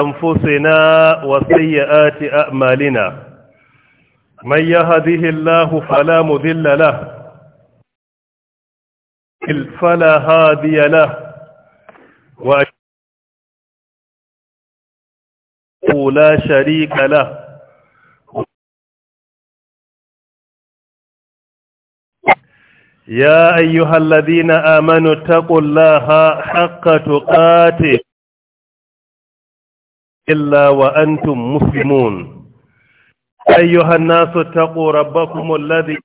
أنفسنا وسيئات أعمالنا من يهده الله فلا مذل له فلا هادي له وأشهد لا شريك له يا أيها الذين آمنوا اتقوا الله حق تقاته إلا وأنتم مسلمون أيها الناس اتقوا ربكم الذي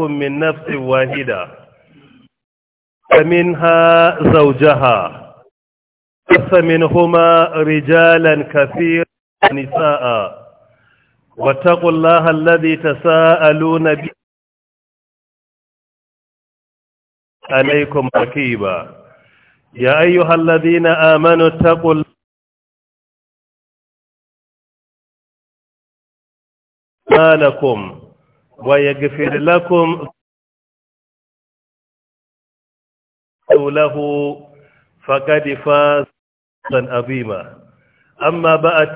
من نفس واحدة فمنها زوجها بث منهما رجالا كثيرا ونساء واتقوا الله الذي تساءلون به عليكم ركيبا يا أيها الذين آمنوا اتقوا الله أعمالكم ويغفر لكم له فقد فاز عظيما أما بعد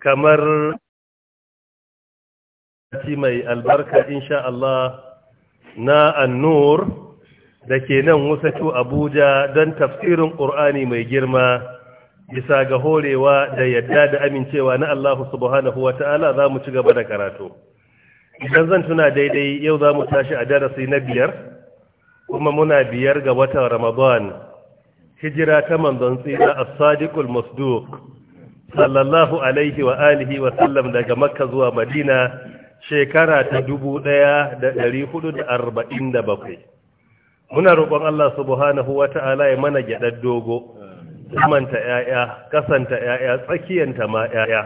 كمر mai albarka insha Allah na annur da ke nan wasatu Abuja don tafsirin Ƙur'ani mai girma bisa ga horewa da yadda da amincewa na Allah subhanahu wa ta'ala za mu ci gaba da karatu idan zan tuna daidai yau za mu tashi a darasi na biyar kuma muna biyar ga wata ramadan hijira ta manzon tsira as-sadiqul masduq sallallahu alaihi wa alihi wa sallam daga makka zuwa madina shekara ta dubu ɗaya da hudu da arba'in da bakwai. muna roƙon Allah subhanahu wa ta'ala ya mana gyaɗar dogo zamanta ‘ya'ya, kasanta ‘ya'ya, tsakiyanta ma ‘ya'ya,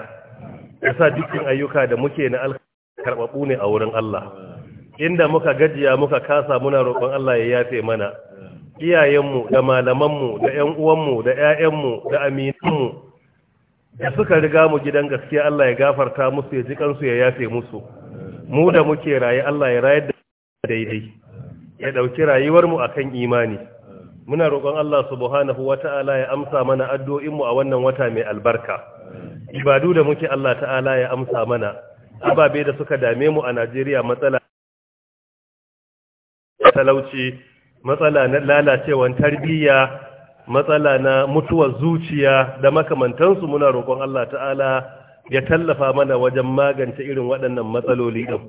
ya sa dukkan ayyuka da muke na alkarɓaɓu ne a wurin Allah. Inda muka gajiya muka kasa muna roƙon Allah ya yafe mana, iyayenmu da malamanmu da ‘yan uwanmu da ‘ya'yanmu da aminanmu da suka riga mu gidan gaskiya Allah ya gafarta musu ya ji kansu ya yafe musu. Mu da muke raye Allah ya rayar da daidai, ya ɗauki rayuwarmu a kan imani. muna roƙon Allah subhanahu wata'ala ya amsa mana addu'o'inmu a wannan wata mai albarka ibadu da muke Allah ta'ala ya amsa mana ababe da suka dame mu a Najeriya matsala talauci matsala na lalacewan tarbiyya matsala na mutuwar zuciya da makamantansu muna roƙon Allah ta'ala ya tallafa mana wajen magance irin waɗannan matsaloli ɗin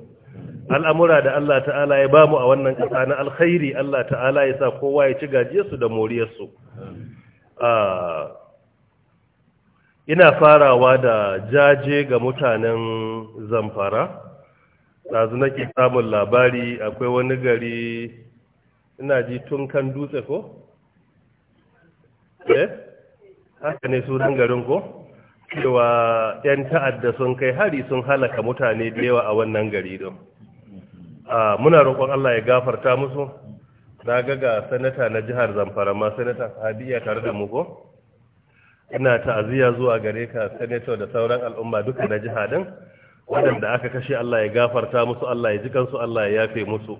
al'amura da Allah ta'ala ya bamu a wannan ƙasa na alkhairi Allah ta'ala ya sa kowa ya ci gajiyarsu da moriyarsu ah, ina farawa da jaje ga mutanen zamfara ɗazu nake samun labari akwai wani gari ina ji tun kan dutse ko? eh haka ne sunan garin ko? cewa 'yan ta'adda sun kai hari sun halaka mutane da yawa a wannan gari don muna roƙon Allah ya gafarta musu na ga ga sanata na jihar Zamfara ma sanata Hadiya tare da mu ina ta'aziyya zuwa gare ka sanato da sauran al'umma duka na jihadin waɗanda aka kashe Allah ya gafarta musu Allah ya ji kansu Allah ya yafe musu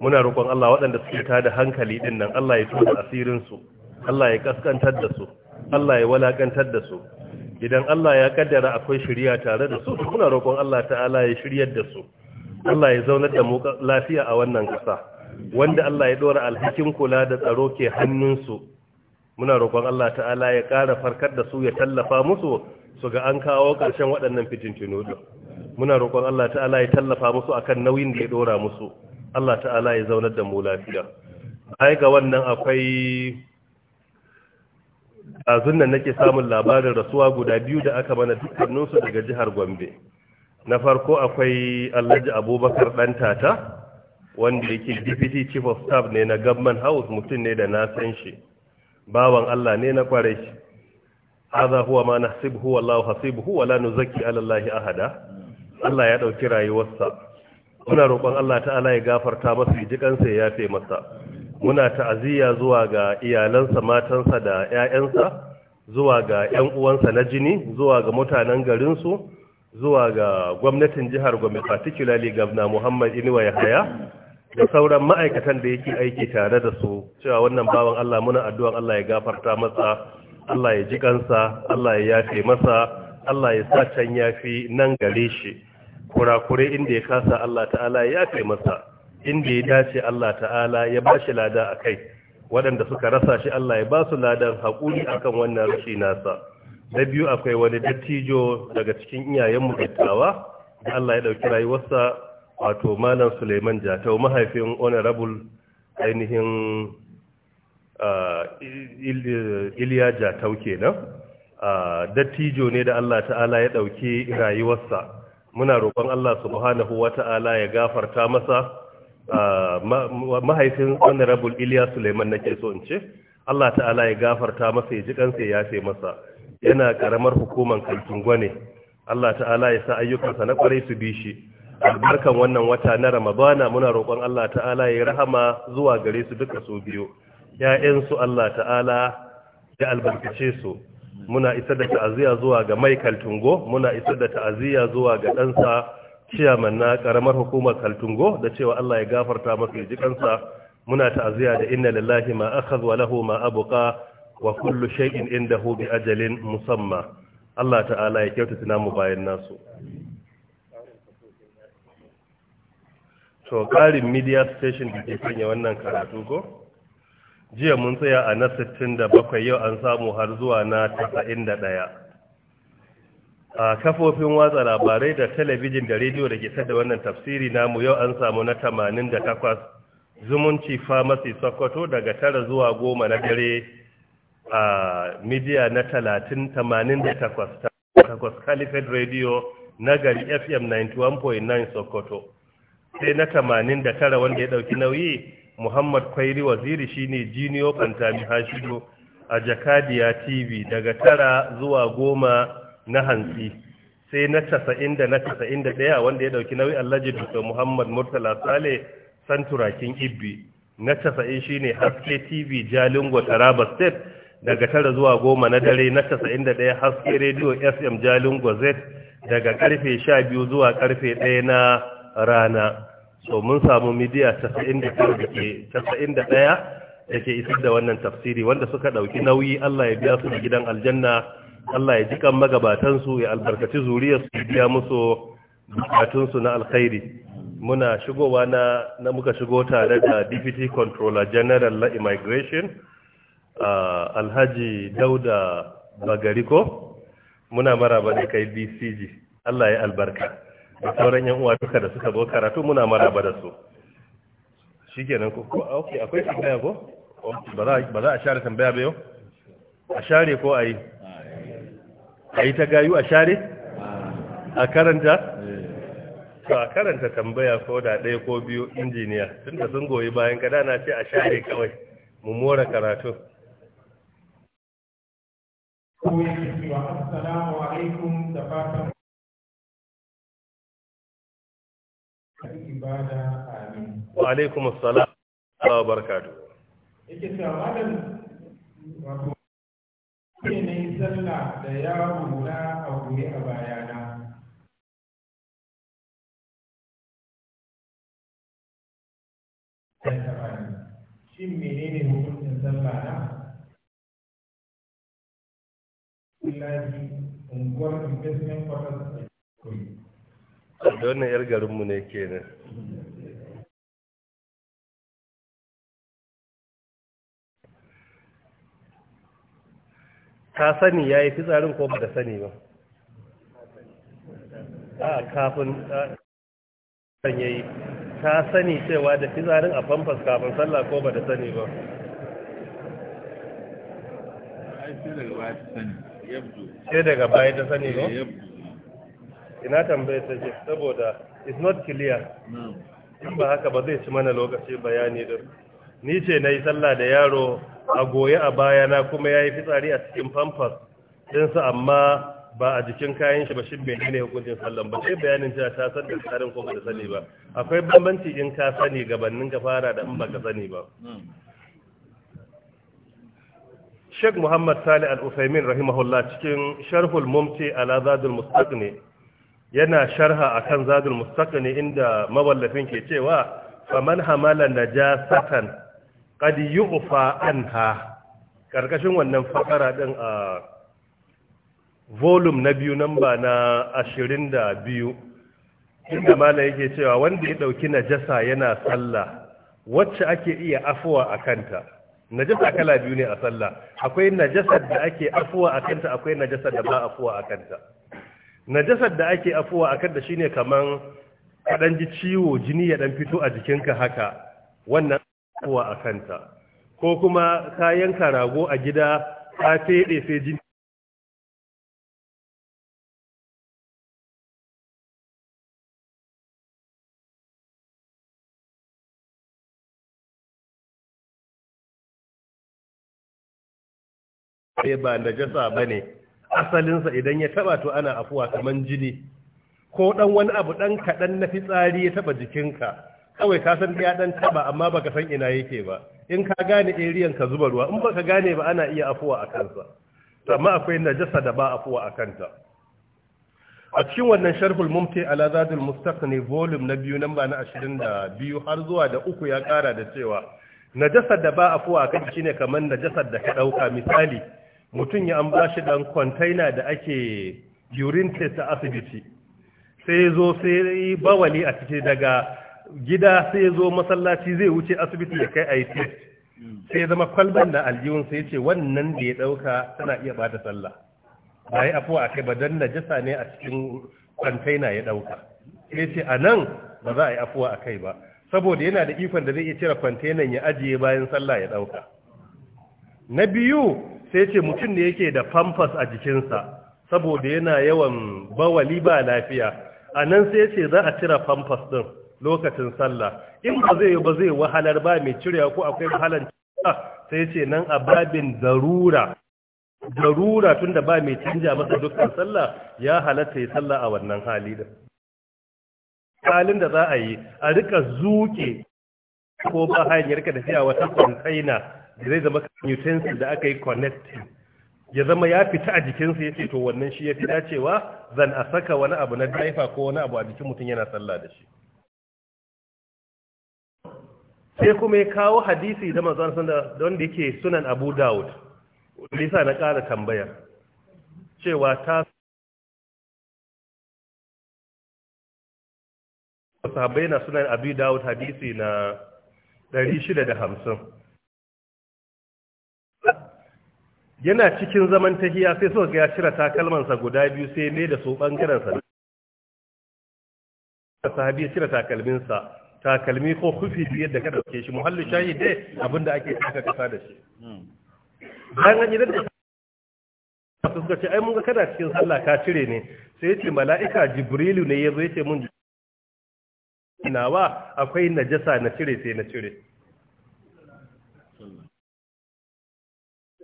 muna roƙon Allah waɗanda suke tada hankali din nan Allah ya tura asirin su Allah ya kaskantar da su Allah ya walakantar da su idan Allah ya kaddara akwai shirya tare da su muna roƙon Allah ta'ala ya shiryar da su Allah ya zaunar da mu lafiya a wannan ƙasa wanda Allah ya dora alhakin kula da tsaro ke hannunsu muna roƙon Allah ta'ala ya ƙara farkar da su ya tallafa musu su ga an kawo ƙarshen waɗannan fitintunu muna roƙon Allah ta'ala ya tallafa musu akan nauyin da ya ɗora musu Allah ta'ala ya zaunar da mu lafiya ai ga wannan akwai azun nan nake samun labarin rasuwa guda biyu da aka mana dukkaninsu daga jihar Gombe na farko akwai alhaji abubakar dan tata wanda yake deputy chief of staff ne na government house mutum ne da na san shi bawan Allah ne na kware shi hadha huwa ma nahsibuhu wallahu hasibuhu wala nuzakki ala allahi ahada Allah ya dauki rayuwarsa muna roƙon Allah ta'ala ya gafarta masa sa ya yafe masa muna ta'aziyya zuwa ga iyalansa matansa da ƴaƴansa zuwa ga ƴan uwansa na jini zuwa ga mutanen garinsu zuwa ga gwamnatin jihar gwamnati particularly Governor Muhammad Inuwa ya Yahaya da sauran ma'aikatan da yake aiki tare da su cewa wannan bawan Allah muna addu'an Allah ya gafarta masa Allah ya ji kansa Allah ya yafe masa Allah ya sa can yafi nan gare shi kurakure inda ya kasa Allah ta'ala ya yafe masa inda ya dace Allah ta'ala ya ba shi lada a kai, waɗanda suka rasa shi Allah ya ba su ladan hakuri akan wannan rashi nasa na biyu akwai wani dattijo daga cikin iyayenmu dattawa da Allah ya ɗauki rayuwarsa wato malam Suleiman Jatau mahaifin honorable ainihin ah, Iliya Jatau kenan ah, dattijo ne da Allah ta'ala ya ɗauki rayuwarsa muna roƙon Allah subhanahu wa ta'ala ya gafarta masa ah, mahaifin honorable Iliya Suleiman nake so in ce Allah ta'ala ya gafarta masa ya ji kansa ya ce masa yana karamar hukumar kaltungo ne Allah ta'ala ya sa ayyukansa na kwarai su bi shi albarkan wannan wata na ramadana muna roƙon Allah ta'ala ya rahama zuwa gare su duka su biyu Ya'yansu Allah ta'ala ya albarkace su muna isar da ta'aziyya zuwa ga mai kaltungo muna isar da ta'aziyya zuwa ga ɗansa ciyaman na ƙaramar hukumar kaltungo da cewa Allah ya gafarta masa jikansa muna ta'aziyya da inna lillahi ma akhadha wa lahu ma abqa wa kullu shay'in indahu bi ajalin musamma Allah ta'ala ya kyautata namu bayan nasu to karin media station da ke kanya wannan karatu ko jiya mun tsaya a na 67 yau an samu har zuwa na 91 a kafofin watsa labarai da talabijin da rediyo da ke da wannan tafsiri namu yau an samu na 88 zumunci pharmacy sokoto daga tara zuwa goma na dare A midiya na 3088 takwas Caliphate Radio na gari FM 91.9 Sokoto sai na 89 wanda ya ɗauki nauyi Muhammad Kwairi Waziri shine Junior Pantami Hashido a Jakadiya TV daga tara zuwa goma na hantsi sai na casa'in da na wanda ya ɗauki nauyi Alhaji Dr. Muhammad Murtala Sale Santurakin Ibbi na 90 shine Haske TV Jalingo Taraba State daga tara zuwa goma na dare na da ɗaya haske rediyo fm jalin gazet daga karfe sha biyu zuwa karfe ɗaya na rana so mun samu midiya casa'in da da ke isar da wannan tafsiri wanda suka ɗauki nauyi Allah ya biya su da gidan aljanna Allah ya jikan magabatansu ya albarkaci zuriyar ya biya musu bukatunsu na alkhairi muna shigowa na muka shigo tare da deputy controller general la immigration Ah, alhaji dauda Bagariko. muna maraba da kai bcg allah ya albarka da sauran yan uwa duka da suka zo karatu muna maraba da su shikenan ko ok akwai tambaya ko ba za a share tambaya ba yau a share ko a yi a yi ta gayu a share a karanta to a karanta tambaya ko da ɗaya ko biyu injiniya tun da sun goyi bayan gada na ce a share kawai mu more karatu ko yake cewa assalamu alaikum da fatan ibada amin wa alaikum assalam wa barakatuh yake cewa malam wato ne ne sallah da yaro na a goye a bayana shin menene hukuncin sallah na lahi unguwar investment quarters garinmu ne kenan ka sani ya yi fitsarin ko ba da sani ba a kafin ɗan ya yi ka sani cewa da fitsarin a famfas kafin sallah ko ba da sani ba ai sai daga ba sani sai daga baya ta sani ne ina tambaya ta ce? saboda it's not clear in ba haka ba zai ci mana lokaci bayani din ni ce na yi sallah da yaro a goye a baya na kuma ya yi fitsari a cikin famfas ɗinsa amma ba a jikin kayan shi ba shi bai ne hukuncin sallan ba sai bayanin cewa ta san da tsarin ko ba da sani ba akwai bambanci in ka sani gabanin ka fara da in ba ka sani ba Sheikh Muhammad Sali al rahimahullah cikin Sharhul Mumti ala Zadul Mustaqni yana sharha akan Zadul Mustaqni inda mawallafin ke cewa faman hamala najasatan qad yu'fa anha karkashin wannan fakara ɗin a volume na biyu namba na 22 inda mala yake cewa wanda ya dauki najasa yana sallah wacce ake iya afuwa kanta? najasa kala biyu ne a sallah akwai najasar da ake afuwa a kanta akwai najasar da ba afuwa a kanta najasar da ake afuwa a kanta shine kaman kadan ji ciwo jini ya dan fito a jikinka haka wannan afuwa a kanta ko kuma kayan rago a gida ka fede sai jini turare ba najasa ne. asalinsa idan ya taba to ana afuwa kaman jini ko dan wani abu dan kadan na fitsari ya taba jikinka kawai ka san ya dan taba amma baka san ina yake ba in ka gane area ka zuba ruwa in baka gane ba ana iya afuwa a kansa amma akwai najasa da ba afuwa a kanta a cikin wannan sharhul mumti ala zadul mustaqni volume na biyu namba na 22 har zuwa da uku ya kara da cewa najasar da ba a fuwa kan shine kamar najasar da ka dauka misali mutum ya an ba shi ɗan kwantaina da ake urine test a asibiti sai zo sai yi bawali a cikin daga gida sai zo masallaci zai wuce asibiti ya kai a yi test sai zama kwalban na aljihun sai ce wannan da ya ɗauka tana iya bata sallah ba yi afuwa a kai ba don najasa ne a cikin kwantaina ya ɗauka sai ce a nan ba za a yi afuwa a kai ba saboda yana da ikon da zai iya cire kwantainan ya ajiye bayan sallah ya ɗauka na biyu sai ce mutum ne yake da famfas a jikinsa saboda yana yawan bawali ba lafiya a nan sai ce za a cira famfas ɗin lokacin sallah in ba zai yi ba zai wahalar ba mai cirewa ko akwai wahalar sai ce nan a babin darura darura da ba mai canja masa dukkan sallah ya halatta ya sallah a wannan hali da halin da za a yi a rika zuke ko ba hanyar ka tafiya wata kwantaina da zai zama utensil da aka yi connecting ya zama ya fita a jikinsa ya ce to wannan shi ya fi dacewa zan a saka wani abu na daifa ko wani abu a jikin mutum yana sallah da shi sai kuma ya kawo hadisi da manzon sanda da wanda yake sunan Abu Dawud lisa na kara tambaya cewa ta sabai na sunan Abu Dawud hadisi na 650 yana cikin zaman tahiya sai suka ga ya cire takalmansa guda biyu sai ne da su bangaren sa sahabi ya cire takalminsa takalmi ko kufi biyar da ka dauke shi muhallu shayi dai abinda ake saka kasa da shi bayan an idan da suka ce ai mun ga kana cikin sallah ka cire ne sai yace mala'ika jibrilu ne yazo yace mun nawa akwai najasa na cire sai na cire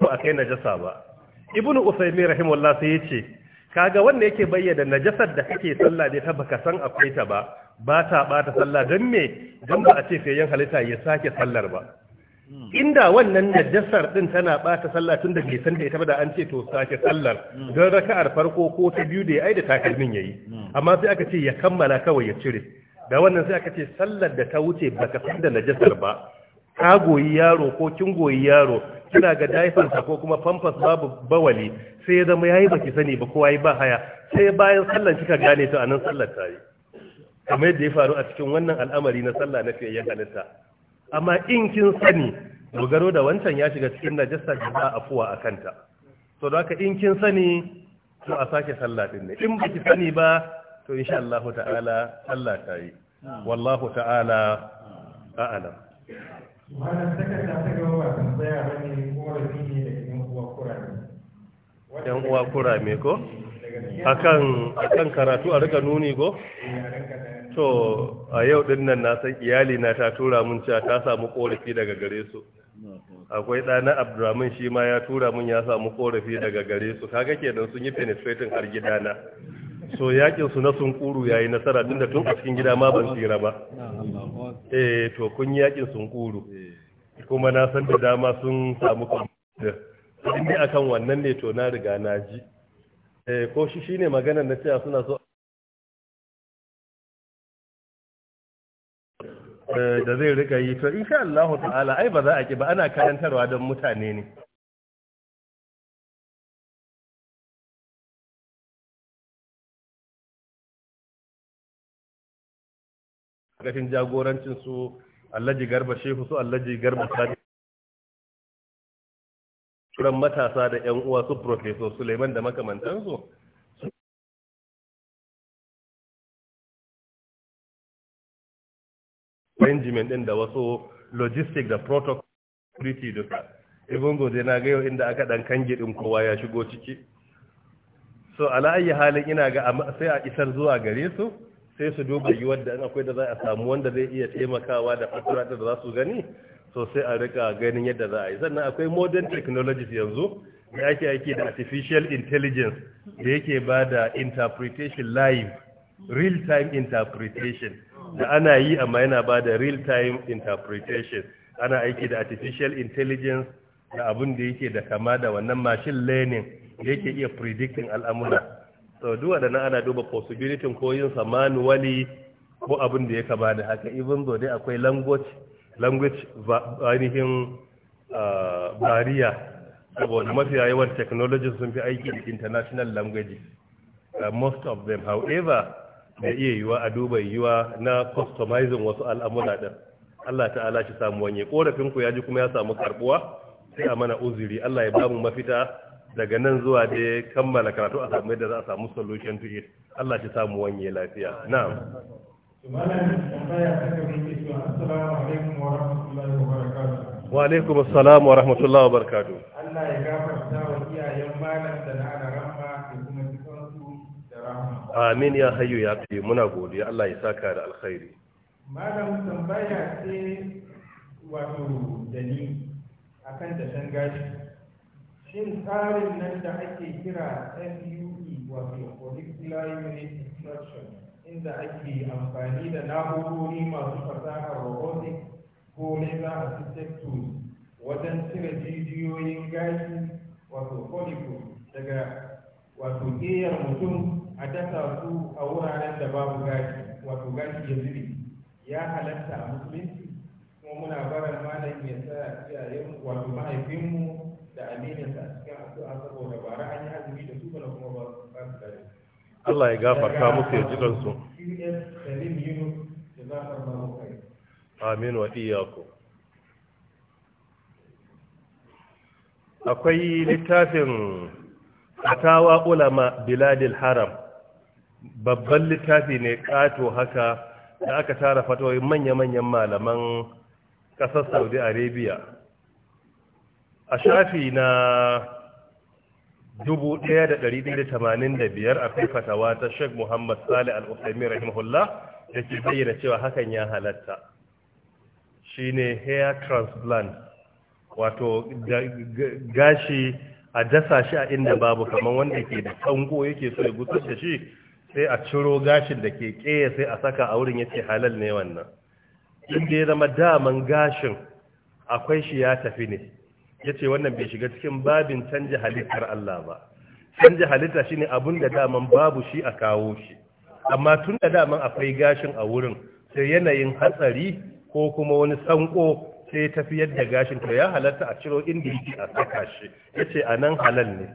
to a kai najasa ba ibnu usaymi rahimahullah sai yace kaga wanda yake bayyana najasar da kake sallah ne ta baka san akwai ta ba ba ta bata sallah dan me dan ba a ce sai yan halitta ya sake sallar ba inda wannan najasar din tana bata sallah tun da bai san da ita ba da an ce to sake sallar don raka'ar farko ko ta biyu da ai da takalmin yayi amma sai aka ce ya kammala kawai ya cire da wannan sai aka ce sallar da ta wuce baka san da najasar ba ka goyi yaro ko kin goyi yaro kina ga sa ko kuma famfas babu bawali sai ya zama yayi baki sani ba kowa yi ba haya sai bayan sallan kika gane ta anan sallar ta yi kamar yadda ya faru a cikin wannan al'amari na sallah na fiye halitta amma in kin sani dogaro da wancan ya shiga cikin najasa da za a fuwa a kanta to da haka in kin sani to a sake sallah din ne in baki sani ba to insha Allah ta'ala sallah ta yi wallahu ta'ala a'lam Yan uwa kurame. Ɗan uwa kurame ko? A kan karatu a rika nuni ko? Eh, to a yau ɗinnan nan na san iyali na ta tura mun cewa ta samu ƙorafi daga gare su. Akwai ɗana abdulrahman shi ma ya tura mun ya samu ƙorafi daga gare su. Kaga kenan sun yi penetrating har gidana. so yakin su na sunkuru yayi nasara tunda tun a cikin gida ma ban tsira ba eh to kun yakin sunkuru kuma na san da dama sun samu kuma in dai akan wannan ne to na riga na ji eh ko shi shine magana na cewa suna so eh, da zai rika yi to insha Allah ta'ala ai ba za a ki ba ana karantarwa don mutane ne ƙarƙashin jagorancin su Allaji Garba Shehu su Allaji Garba sadi turan matasa da ƴan uwa su Professor Suleiman da su arrangement din da wasu logistic da protocol security duka even though dai na ga yau inda aka dan kange din kowa ya shigo ciki so ala ayi halin ina ga sai a isar zuwa gare su sai su duba yi wadda akwai da za a samu wanda zai iya taimakawa da fasara da za su gani so sai a rika ganin yadda za a yi sannan akwai modern technologies yanzu da ake aiki da artificial intelligence da yake ba da interpretation live real time interpretation da ana yi amma yana ba da real time interpretation ana aiki da artificial intelligence da abin da yake da kama da wannan machine learning da yake iya predicting al'amura so da na ana duba possibility ko yin samanu manually ko abin da ya kama da haka even though dai akwai language language ainihin ah, bariya saboda mafiya yawan technologies sun fi aiki da international languages uh, most of them however da iya yiwa a duba yiwa na customizing wasu al'amura din Allah ta'ala shi samu wanye korafin ku ya ji kuma ya samu karbuwa sai a mana uzuri Allah ya bamu mafita daga nan zuwa da ya kammala karatu a samu yadda za a samu solution to it Allah shi samu wanye lafiya na'am wa alaikum assalam wa rahmatullahi wa barakatuh Allah ya gafarta wa iyayen malam da na rahma da kuma cikin da rahma amin ya hayyu ya fi muna godiya Allah ya saka da alkhairi malam tambaya ce wato dani akan tashan gashi shin tsarin nan da ake kira NUE wato Follicular Unit Instruction inda ake amfani da na'urori masu fasahar robotic ko laser assisted tools wajen cire jijiyoyin gashi wato follicle daga wato keyar mutum a dasa su a wuraren da babu gashi wato gashi ya zuri ya halatta a musulunci kuma muna barin malam ya sa iyayen wato mahaifinmu Allah ya gafarta musu ya ji kansu. Amin wa iyaku. Akwai littafin atawa Ulama Biladil Haram, babban littafi ne ƙato haka da aka tara fatoyin manya-manyan malaman ƙasar Saudi Arabia. a shafi na 1185 a kai fatawa ta Sheikh Muhammad Salih Al-Uthaymeen rahimahullah da ke bayyana cewa hakan ya halatta shine hair transplant wato gashi a dasa shi a inda babu kamar wanda ke da tango yake so ya gutsu da shi sai a ciro gashin da ke keye sai a saka a wurin yace halal ne wannan inda ya zama daman gashin akwai shi ya tafi ne ya ce wannan bai shiga cikin babin canja halittar Allah ba canja halitta shi ne abun da daman babu shi a kawo shi amma tun da daman akwai gashin a wurin sai yanayin hatsari ko kuma wani sanko sai tafi yadda gashin ta ya halatta a ciro inda yake a saka shi yace nan halal ne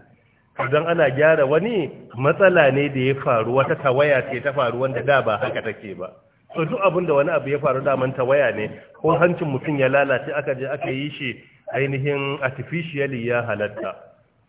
idan ana gyara wani matsala ne da ya faru wata tawaya ce ta faru wanda da ba haka take ba so duk abin da wani abu ya faru daman tawaya ne ko hancin mutum ya lalace aka je aka yi shi ainihin artificial ya halatta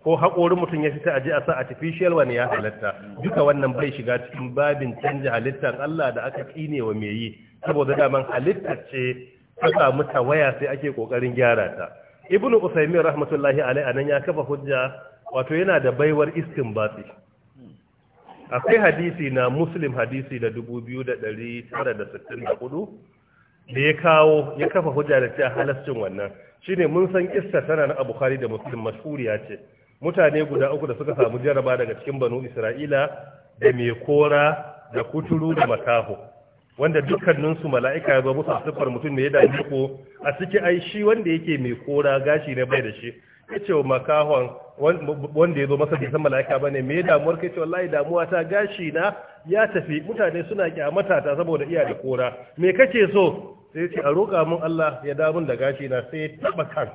ko haƙorin mutum ya fita aji a sa artificial wani ya halatta duka wannan bai shiga cikin babin canja halittar Allah da aka kine wa mai yi saboda daman halitta ce ta samu tawaya sai ake kokarin gyara ta ibnu usaymin rahmatullahi alaihi anan ya kafa hujja wato yana da baiwar istinbati akwai hadisi na muslim hadisi da 2964 da ya kawo ya kafa hujja da cewa halascin wannan ne mun san kissa tana na Bukhari da Muslim mashhuriya ce mutane guda uku da suka samu jaraba daga cikin banu Isra'ila da mai kora da kuturu da makaho wanda dukkaninsu mala'ika ya zo musu siffar mutum da ya dame ko a ciki ai shi wanda yake mai kora gashi na bai da shi ya ce wa makahon wanda ya zo masa bai mala'ika ba ne me damuwar kai ce wallahi damuwa ta gashi na ya tafi mutane suna kyamata ta saboda iya da kora me kake so sai ce a roƙa mun Allah ya dawo da gashi na sai taɓa kan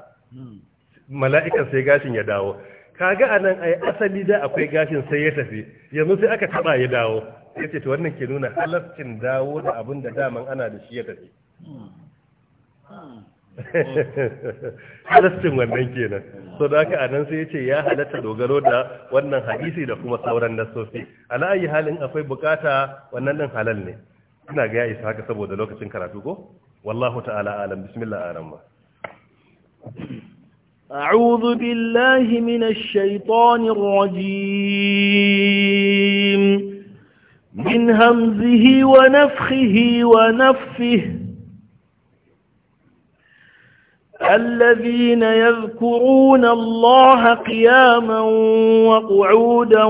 mala'ikan sai gashin ya dawo kaga anan ai asali da akwai gashin sai ya tafi yanzu sai aka taba ya dawo sai ce to wannan ke nuna halaccin dawo da abin da daman ana da shi ya tafi hmm. Hmm. halastin wannan kenan so da aka anan sai ce ya halatta dogaro da wannan hadisi da kuma sauran nasofi a la'ayi halin akwai bukata wannan din halal ne ina ga ya isa haka saboda lokacin karatu ko wallahu ta'ala alam bismillah billahi أعوذ بالله rajim min hamzihi wa همزه wa الذين يذكرون الله قياما وقعودا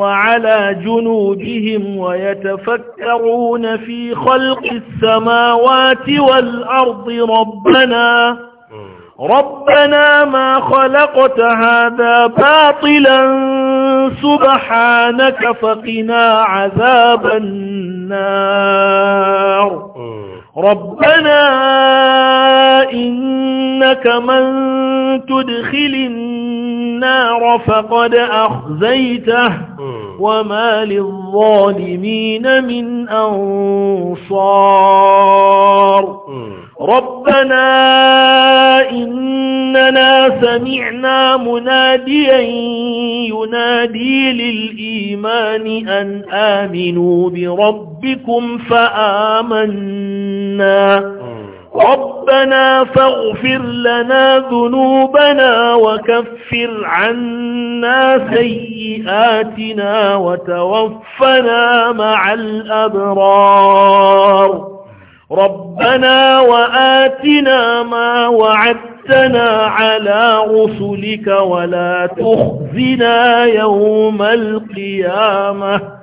وعلى جنوبهم ويتفكرون في خلق السماوات والأرض ربنا ربنا ما خلقت هذا باطلا سبحانك فقنا عذاب النار ربنا إنك من تدخل النار فقد أخزيته وما للظالمين من أنصار ربنا إننا سمعنا مناديا ينادي للإيمان أن آمنوا بربكم فآمنا ربنا فاغفر لنا ذنوبنا وكفر عنا سيئاتنا وتوفنا مع الأبرار ربنا وآتنا ما وعدتنا على رسلك ولا تخزنا يوم القيامة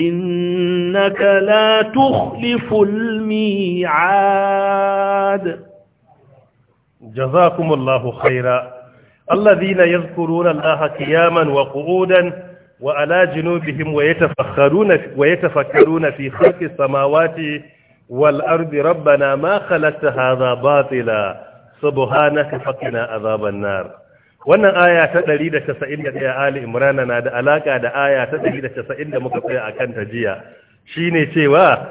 إنك لا تخلف الميعاد جزاكم الله خيرا الذين يذكرون الله قياما وقعودا وعلى جنوبهم ويتفخرون ويتفكرون في خلق السماوات والأرض ربنا ما خلقت هذا باطلا سبحانك فقنا عذاب النار wannan aya ta 191 ali imrana na da alaka da aya ta 190 da muka tsaya akan ta jiya shine cewa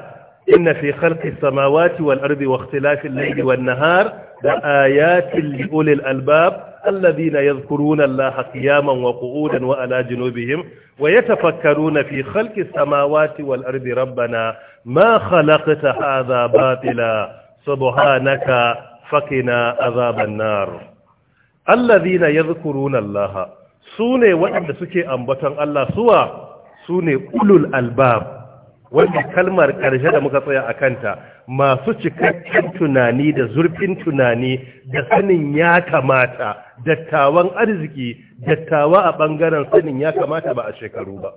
inna fi khalqi samawati wal ardi wa ikhtilafi al-layli wan nahar la ayatin li ulil albab alladhina yadhkuruna allaha qiyaman wa qu'udan wa ala junubihim wa yatafakkaruna fi khalqi samawati wal ardi rabbana ma khalaqta hadha batila subhanaka faqina adhaban nar allazina yadhkuruna allaha sune waɗanda suke ambaton Allah suwa sune ulul albab wanda kalmar ƙarshe da muka tsaya a kanta masu cikakken tunani da zurfin tunani da sanin ya kamata dattawan arziki dattawa a ɓangaren sanin ya kamata ba a shekaru ba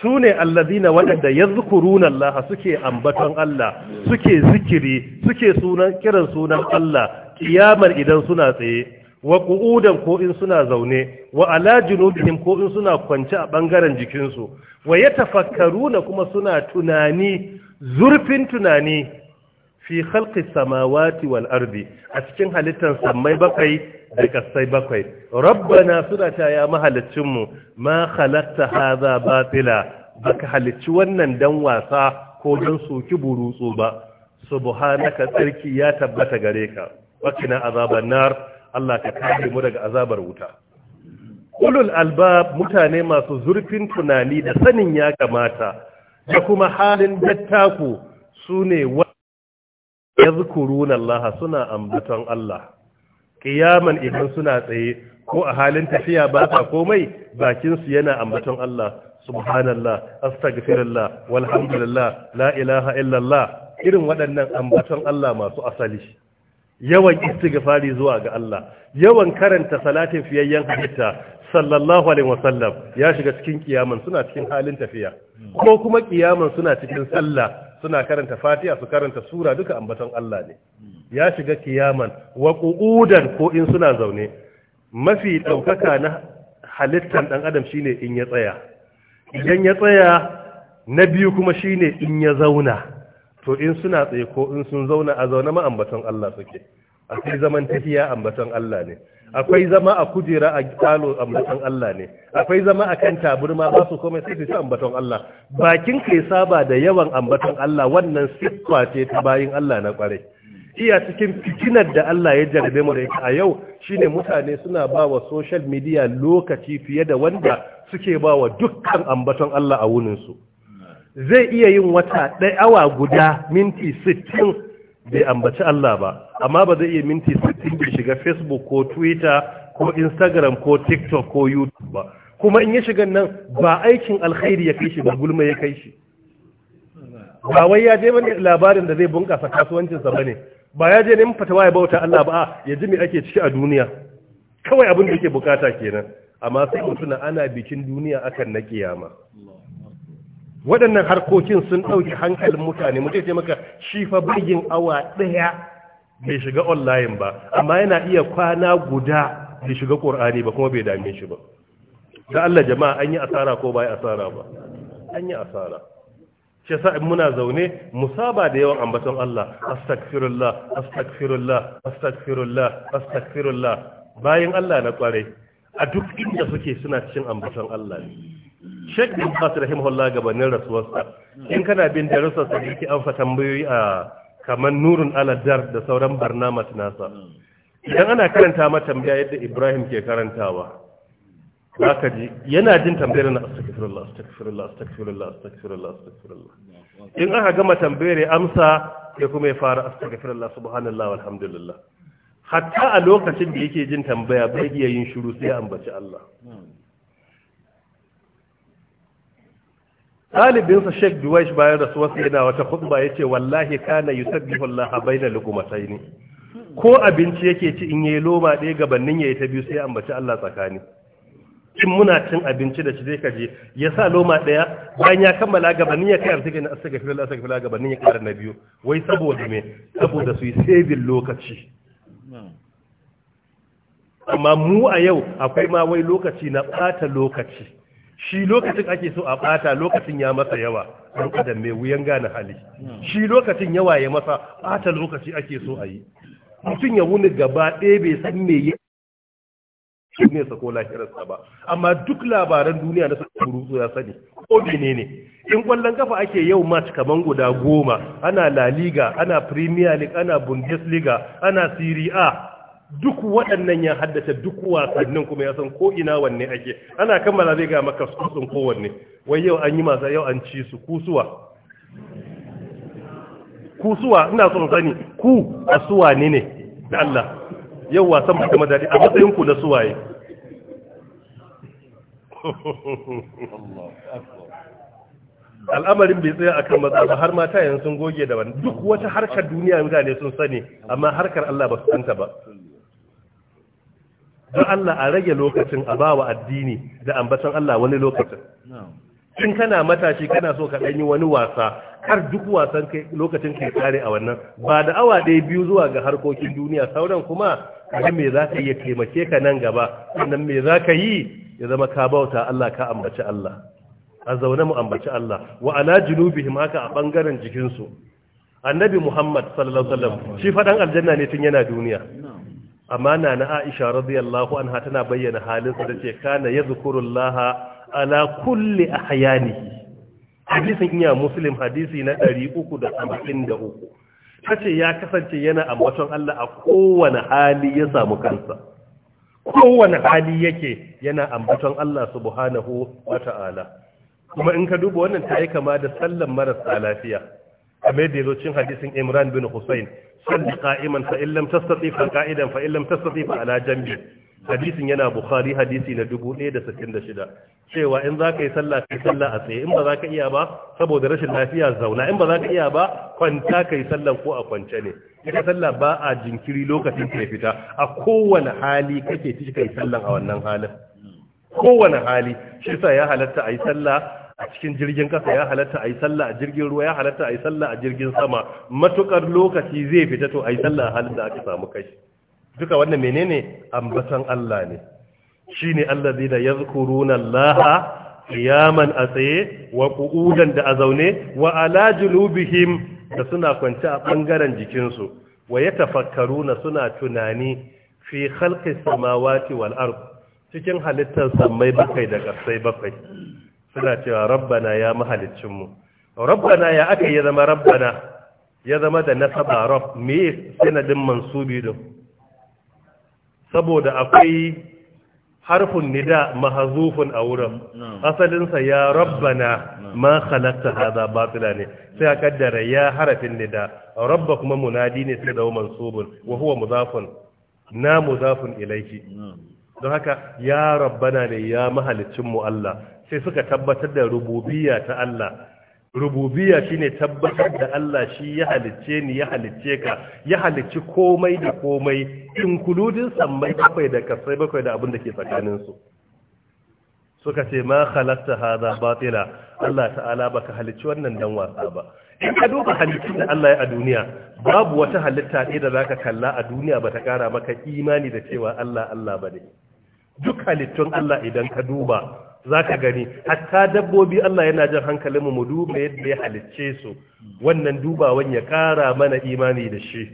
su ne allazina waɗanda ya zukuruna Allah suke ambaton Allah suke zikiri suke sunan kiran sunan Allah kiyamar idan suna tsaye wa ku'udan ko in suna zaune wa ala junubihim ko in suna kwance a bangaren jikinsu wa yatafakkaruna kuma suna tunani zurfin tunani fi khalqi samawati wal ardi a cikin halittar samai bakwai da kasai bakwai rabbana suna ta ya mahalaccin mu ma khalaqta hadha batila baka halicci wannan dan wasa ko dan soki burutsu ba subhanaka tsarki ya tabbata gare ka wakina azaban nar Allah ka kare mu daga azabar wuta ulul albab mutane masu zurfin tunani da sanin ya kamata da kuma halin dattaku sune wa yazkuruna Allah suna ambaton Allah kiyaman idan suna tsaye ko a halin tafiya ba ta komai bakinsu yana ambaton Allah subhanallah astaghfirullah walhamdulillah la ilaha illallah irin waɗannan ambaton Allah masu asali yawan istighfari zuwa ga Allah yawan karanta salatin fiyayyen halitta sallallahu alaihi wasallam ya shiga cikin kiyaman suna cikin halin tafiya ko kuma kiyaman suna cikin sallah suna karanta fatiha su karanta sura duka ambaton Allah ne ya shiga kiyaman wa qu'udan ko in suna zaune mafi daukaka na halittan dan adam shine in ya tsaya idan ya tsaya na biyu kuma shine in ya zauna to in suna tsaye ko in sun zauna a zaune ma ambaton Allah suke akwai zaman tafiya ambaton Allah ne akwai zama a kujera a salo ambaton Allah ne akwai zama a kan taburma ba su komai sai su ambaton Allah bakin kai saba da yawan ambaton Allah wannan siffa ce ta bayin Allah na kwarai iya cikin fitinar da Allah ya jarabe mu da ita a yau shine mutane suna ba wa social media lokaci fiye da wanda suke ba wa dukkan ambaton Allah a wunin su zai iya yin wata ɗaya awa guda minti 60 bai ambaci Allah ba amma ba zai iya minti 60 bai shiga Facebook ko Twitter ko Instagram ko TikTok ko YouTube ba kuma in ya shiga nan ba aikin alkhairi ya kai shi ba gulma ya kai shi ba wai ya je wani labarin da zai bunƙasa kasuwancinsa ba ne ba ya je neman fatawa ya bauta Allah ba ya ji me ake ciki a duniya kawai abin da yake bukata kenan amma sai mutuna ana bikin duniya akan na kiyama waɗannan harkokin sun ɗauki hankalin mutane mutum ce maka shi fa bayin awa ɗaya bai shiga online ba amma yana iya kwana guda bai shiga ƙur'ani ba kuma bai dame shi ba Ta Allah jama'a an yi asara ko ba asara ba an yi asara shi sa muna zaune musaba da yawan ambaton Allah astaghfirullah astaghfirullah astaghfirullah astaghfirullah bayan Allah na ƙware, a duk inda suke suna cikin ambaton Allah ne Sheikh bin Bas rahimahullah gabanin rasuwarsa in kana bin Darussa da yake amfa tambayoyi a kaman nurun aladar da sauran barnamat nasa idan ana karanta ma tambaya yadda Ibrahim ke karantawa zaka ji yana jin tambayar na astaghfirullah astaghfirullah astaghfirullah astaghfirullah astaghfirullah in aka gama tambayar ya amsa sai kuma ya fara astaghfirullah subhanallah walhamdulillah hatta a lokacin da yake jin tambaya bai iya yin shiru sai ya ambaci Allah ɗalibinsa sheik duwaish bayan wasu yana wata khutba ya ce wallahi kana yusabbihu Allah lukumatai ne ko abinci yake ci in yayi loma ɗaya gabanin ya yi ta biyu sai ambaci Allah tsakani in muna cin abinci da shi zai kaje ya sa loma ɗaya bayan ya kammala gabanin ya kai arziki na astaghfirullah astaghfirullah gabanin ya ƙara na biyu wai saboda me saboda su yi saving lokaci amma mu a yau akwai ma wai lokaci na ɓata lokaci shi lokacin ake so a bata lokacin ya masa yawa don adam mai wuyan gane hali shi lokacin yawa ya masa bata lokaci ake so a yi mutum ya wuni gaba ɗaya bai san me ya shi ne sako lahirarsa ba amma duk labaran duniya na sako ruzo ya sani ko ne ne in kwallon kafa ake yau match kamar guda goma ana la liga ana premier league ana bundesliga ana serie a duk waɗannan ya haddace duk wasannin kuma ya san ko ina wanne ake ana kammala zai ga maka tsutsun kowanne wai yau an yi masa yau an ci su kusuwa kusuwa ina son sani ku a suwa ne ne da Allah yau wasan ba kama daɗi a matsayin ku na suwaye al'amarin bai tsaya akan matsa ba har mata yanzu sun goge da wani duk wata harkar duniya mutane sun sani amma harkar Allah ba su santa ba don Allah a rage lokacin a ba wa addini da ambatan Allah wani lokacin in kana matashi kana so ka ɗanyi wani wasa kar duk wasan lokacin kai tsare a wannan ba da awa ɗaya biyu zuwa ga harkokin duniya sauran kuma kaji me za ka iya taimake ka nan gaba sannan me za ka yi ya zama ka bauta Allah ka ambaci Allah a zaune mu ambaci Allah wa ala junubihim haka a ɓangaren jikinsu annabi Muhammad sallallahu alaihi wasallam shi faɗan aljanna ne tun yana duniya amma na na aisha radiyallahu anha tana bayyana halinsa da ce kana ya zukurullaha ala kulli a hayanihi hadisin iya muslim hadisi na 373 ta ce ya kasance yana ambaton Allah a kowane hali ya samu kansa kowane hali yake yana ambaton Allah subhanahu wa ta'ala kuma in ka duba wannan ta yi kama da sallan marasa lafiya kamar da yazo cikin hadisin Imran bin Husayn salli qa'iman fa in lam tastati fa qa'idan fa in lam tastati fa ala jambi hadisin yana Bukhari hadisi na 1066 cewa in zaka yi sallah kai sallah a tsaye in ba zaka iya ba saboda rashin lafiya zauna in ba zaka iya ba kwanta kai sallah ko a kwance ne ita sallah ba a jinkiri lokacin kai fita a kowane hali kake ciki kai sallah a wannan halin kowane hali shi sa ya halatta a yi sallah a cikin jirgin kasa ya halatta a yi sallah a jirgin ruwa ya halatta a yi sallah a jirgin sama matukar lokaci zai fita to a yi sallah a halin da aka samu kai duka wannan menene ambaton Allah ne shine allazi da yazkuruna Allah qiyaman a tsaye wa qu'udan da a zaune wa ala julubihim da suna kwance a ɓangaren jikinsu wa yatafakkaruna suna tunani fi khalqis samawati wal ard cikin halittar samai bakai da ƙasai bakai suna cewa rabbana ya mahalicinmu rabbana ya aka ya zama rabbana ya zama da nasaba rab me sanadin mansubi din saboda akwai harfin nida mahazufin a wurin asalinsa ya rabbana ma halatta hada batila ne sai a kaddara ya harafin nida rabba kuma munadi ne sai da mansubun wa huwa mudafun na mudafun ilaiki don haka ya rabbana ne ya mahalicin mu Allah sai suka tabbatar da rububiyya ta Allah rububiyya shine tabbatar da Allah shi ya halicce ni ya halicce ka ya halicci komai da komai including sammai bakwai da kasai bakwai da abin da ke tsakanin su suka ce ma khalaqta hadha batila Allah ta'ala baka halicci wannan dan wasa ba in ka duba halittun da Allah ya a duniya babu wata halitta ɗaya da zaka kalla a duniya ba ta kara maka imani da cewa Allah Allah bane duk halittun Allah idan ka duba Zaka gani hatta dabbobi Allah yana jan hankalin mu duba yadda ya halicce su wannan dubawan ya kara mana imani da shi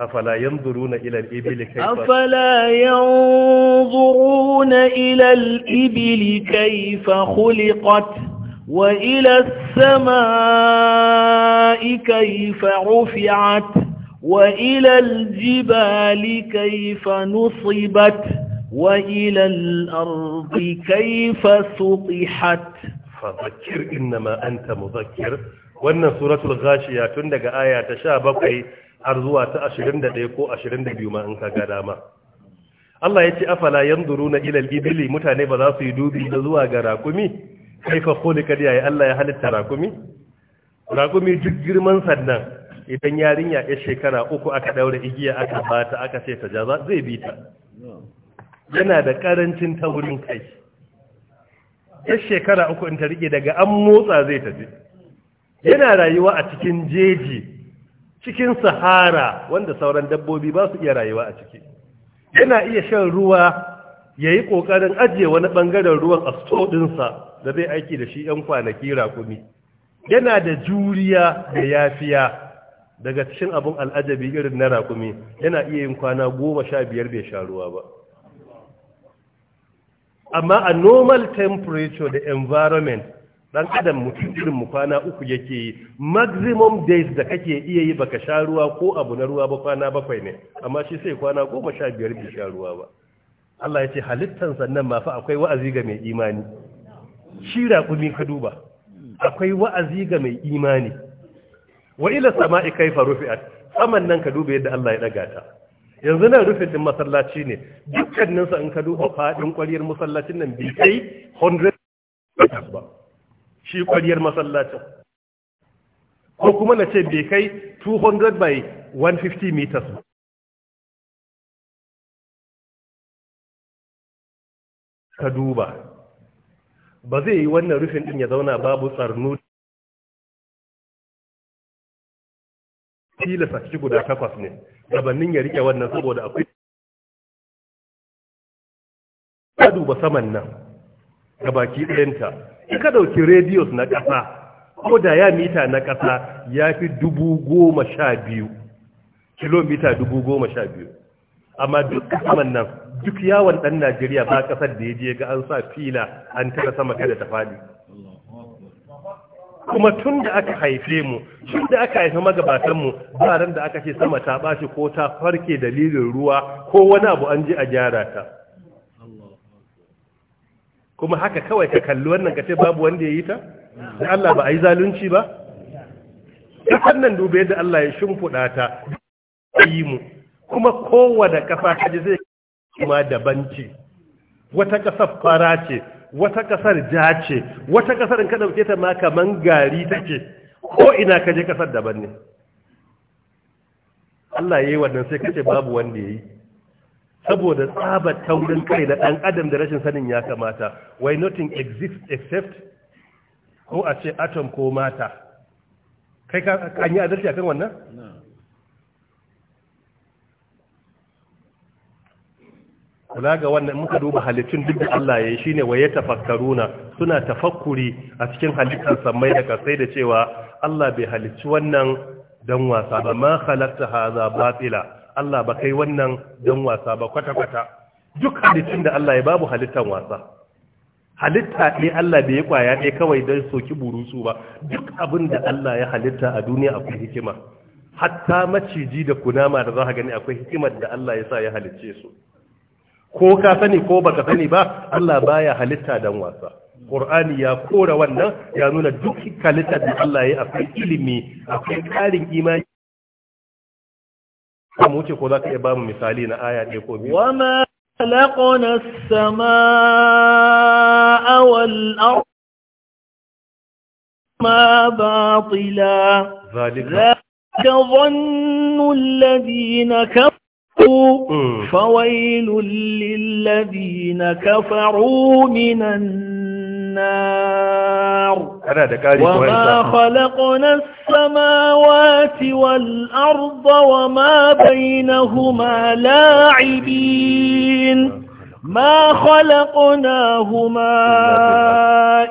afala yanzuruna ila al-ibil kayfa afala yanzuruna ila al-ibil kayfa khuliqat wa ila as-samaa'i kayfa rufi'at wa ila jibali kayfa nusibat وإلى الأرض كيف سطحت فذكر إنما أنت مذكر wannan suratul ghashiya tun daga aya ta 17 har zuwa ta 21 ko 22 ma in ka ga dama Allah ya ce afala yanzuruna ila al-ibli mutane ba za su yi dubi da zuwa ga rakumi kaifa khuliqat ya Allah ya halitta rakumi rakumi duk girman sannan idan yarinya ya shekara uku aka ɗaura igiya aka bata aka ce ta jaza zai bi ta yana da karancin taurin kai ya shekara uku in ta rike daga an motsa zai tafi yana rayuwa a cikin jeji cikin sahara wanda sauran dabbobi ba su iya rayuwa a ciki yana iya shan ruwa ya yi ƙoƙarin ajiye wani ɓangaren ruwan a ɗinsa da zai aiki da shi 'yan kwanaki rakumi. yana da juriya da yafiya daga cikin abin al'ajabi irin na rakumi. yana iya yin kwana goma sha biyar bai sha ruwa ba amma a normal temperature da environment ɗan adam mutum irin mu kwana uku yake yi maximum days da kake iya yi baka sha ruwa ko abu na ruwa ba kwana bakwai ne amma shi sai kwana goma sha biyar bi sha ruwa ba Allah ya ce halittan sannan ma fa akwai wa'azi ga mai imani shi raƙumi ka duba akwai wa'azi ga mai imani wa ila sama'i kaifa a saman nan ka duba yadda Allah ya daga ta yanzu nan rufe din masallaci ne dukkanin sa in ka duba fadin ƙwariyar masallacin nan bai kai 100 ba shi ƙwariyar masallacin ko kuma na ce bai kai 200 by 150 meters ba ka duba ba zai yi wannan rufin din ya zauna babu tsarnu tilasa shi guda takwas ne gabanin ya rike wannan saboda akwai ka duba saman nan ga baki ɗayanta in ka ɗauki radios na ƙasa ko da ya mita na ƙasa ya fi dubu goma sha biyu kilomita dubu goma sha biyu amma duk saman nan duk yawon ɗan najeriya ba ƙasar da ya je ga an sa fila an tara sama kada ta faɗi kuma tun da aka haife mu tun da aka haife magabatanmu ba ran da aka ce sama ta bashi ko ta farke dalilin ruwa ko wani abu an ji a gyara ta kuma haka kawai ka kalli wannan ka ce babu wanda ya yi ta da Allah ba a yi zalunci ba Ta nan dube yadda Allah ya shimfiɗa ta yi mu kuma kowane kafa ji zai kuma daban ce wata ƙasar fara ce wata kasar ja ce wata kasar in ka ta ma kaman gari take ko ina ka je kasar daban ne Allah yayi wannan sai kace babu wanda yayi saboda tsabar taurin kai da ɗan adam da rashin sanin ya kamata why nothing exists except ko a ce atom ko mata kai ka an yi adalci akan wannan kula ga wannan muka duba halittun duk da Allah ya yi shine waye tafakkaruna suna tafakkuri a cikin halittar samai da kasai da cewa Allah bai halicci wannan dan wasa ba ma khalaqta ba batila Allah ba kai wannan dan wasa ba kwata kwata duk halittun da Allah ya babu halittar wasa halitta ne Allah bai kwaya ne kawai dan soki burusu ba duk abin da Allah ya halitta a duniya akwai hikima hatta maciji da kunama da za ka gani akwai hikimar da Allah ya sa ya halicce su ko ka sani ko baka sani ba Allah baya halitta dan wasa Qur'ani ya kora wannan ya nuna duk halitta da Allah ya akwai ilimi akwai karin imani kuma wuce ko za ka iya ba mu misali na aya ɗaya ko biyu wama خلقنا السماء والأرض ما باطلا ذلك ظن الذين كفروا فويل للذين كفروا من النار وما خلقنا السماوات والأرض وما بينهما لاعبين ما خلقناهما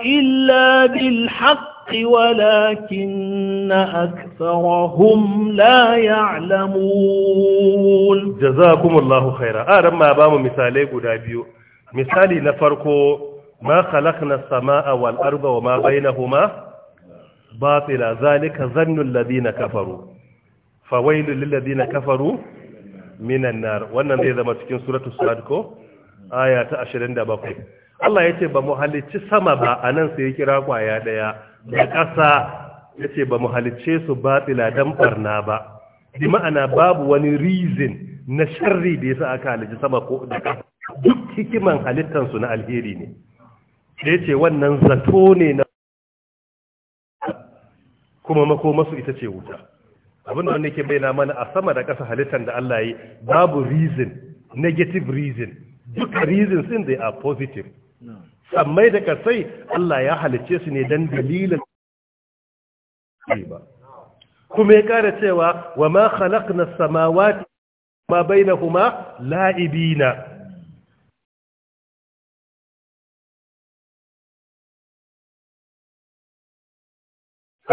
إلا بالحق ولكن أكثرهم لا يعلمون جزاكم الله خيرا أرم ما بام مثالي قدابيو مثالي نفركو ما خلقنا السماء والأرض وما بينهما باطلا ذلك ظن الذين كفروا فويل للذين كفروا من النار وانا ذي ذا ما تكين سورة السادكو آيات أشرين دابقين Allah ya ce ba mu halicci sama ba a nan sai ya kira kwaya ɗaya da ƙasa ya ce ba mu halicce su ba don farna ba Di ma'ana babu wani reason na sharri da ya sa aka halicci sama ko da ƙasa duk hikiman halittansu na alheri ne ya ce wannan zato ne na kuma makomasu ita ce wuta Abin da wani ke bayyana mana a sama da ƙasa halittan da Allah yi babu reason negative reason duka reasons in they are positive sammai da kasai Allah ya halicce su ne don dalilin ba kuma ya kara cewa wa ma khalaqna samawati ma kuma la'ibina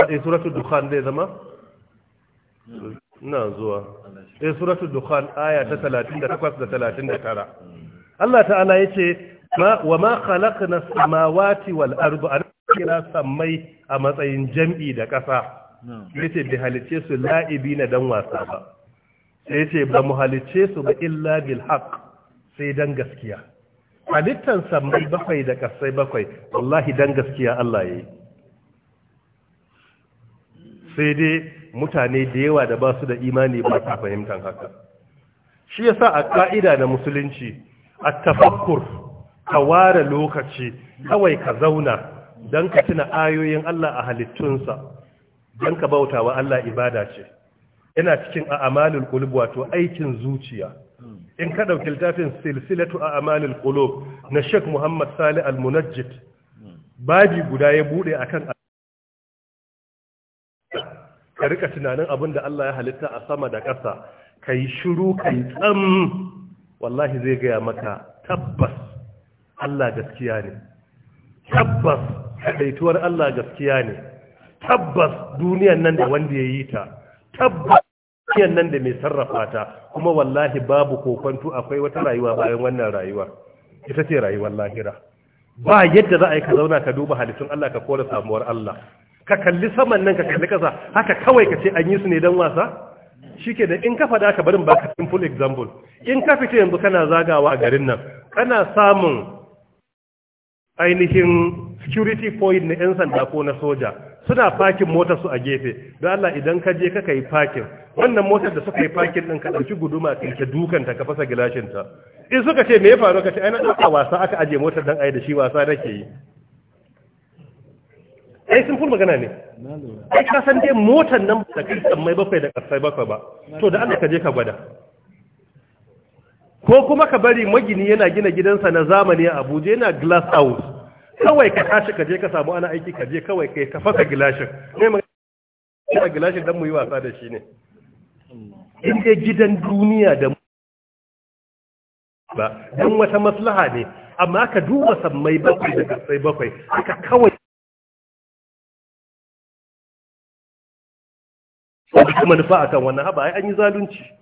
eh suratul dukhan zai zama ina zuwa eh suratun dukkan aya ta 38 da 39 Allah ta'ala ya ce. wa ma khalaqna samawati wal ardu an kira sammai a matsayin jam'i da ƙasa yace bi halice su la'ibi na dan wasa ba sai yace ba mu halice su ba illa bil haqq sai dan gaskiya halittan sammai bakwai da ƙasai bakwai wallahi dan gaskiya Allah yayi sai dai mutane da yawa da ba su da imani ba ta fahimtar haka shi yasa a ka'ida na musulunci at-tafakkur ka ware lokaci kawai ka zauna don ka tuna ayoyin Allah a halittunsa don ka bauta wa Allah ibada ce yana cikin a amalin kulub wato aikin zuciya in ka ɗauki littafin silsilatu a amalin kulub na Sheikh Muhammad sali Al-Munajjid babi guda ya bude akan ka rika tunanin abin da Allah ya halitta a sama da ƙasa kai shiru yi tsam wallahi zai gaya maka tabbas Allah gaskiya ne tabbas kadaituwar Allah gaskiya ne tabbas duniyan nan da wanda ya yi ta tabbas duniyan nan da mai sarrafa ta kuma wallahi babu kokonto akwai wata rayuwa bayan wannan rayuwa ita ce rayuwar lahira ba yadda za a yi ka zauna ka duba halittun Allah ka kora samuwar Allah ka kalli saman nan ka kalli kasa haka kawai ka ce an yi su ne don wasa shike da in ka faɗa ka barin baka simple example in ka fita yanzu kana zagawa a garin nan kana samun ainihin security point na 'yan sanda ko na soja suna fakin motar su a gefe don Allah idan ka je ka yi fakin wannan motar da suka yi fakin ɗin ka ɗauki guduma ka ke ta ka fasa gilashinta in suka ce me ya faru ka ce ai na wasa aka aje motar don ai da shi wasa nake yi ai sun fulma magana ne ai ka san dai motar nan ba ka kai tsammai bakwai da kasai bakwai ba to da Allah ka je ka gwada ko kuma ka bari magini yana gina gidansa na zamani a abuja yana glass house kawai ka tashi ka je ka samu ana aiki ka je kawai ka kai ka fasa gilashin ne magana gilashin don mu yi wasa da shi ne in dai gidan duniya da ba don wata maslaha ne amma ka duba sammai bakwai da kasai bakwai aka kawai manufa akan wannan haba an yi zalunci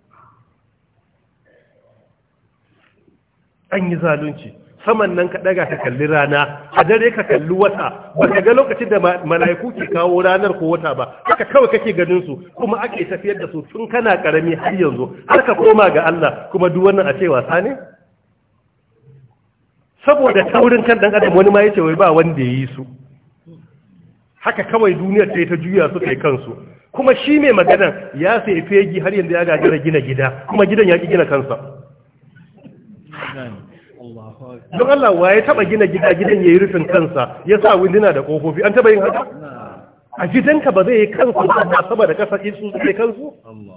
an yi zalunci saman nan ka daga ka kalli rana a dare ka kalli wata ba ka ga lokacin da mala'iku ke kawo ranar ko wata ba haka kawai kake ganin su kuma ake tafiyar da su tun kana karami har yanzu har ka koma ga Allah kuma duk wannan a ce wasa ne saboda taurin kan dan adam wani ma yace wai ba wanda yayi su haka kawai duniyar ta ta juya su kai kansu kuma shi mai maganan ya sai fegi har yanzu ya gagara gina gida kuma gidan ya ki gina kansa don Allah wa ya taba gina gida gidan ya yi rufin kansa ya sa winduna da kofofi an taba yin haka a gidanka ba zai yi kansa ba saboda kasa sun zai kansu hmm.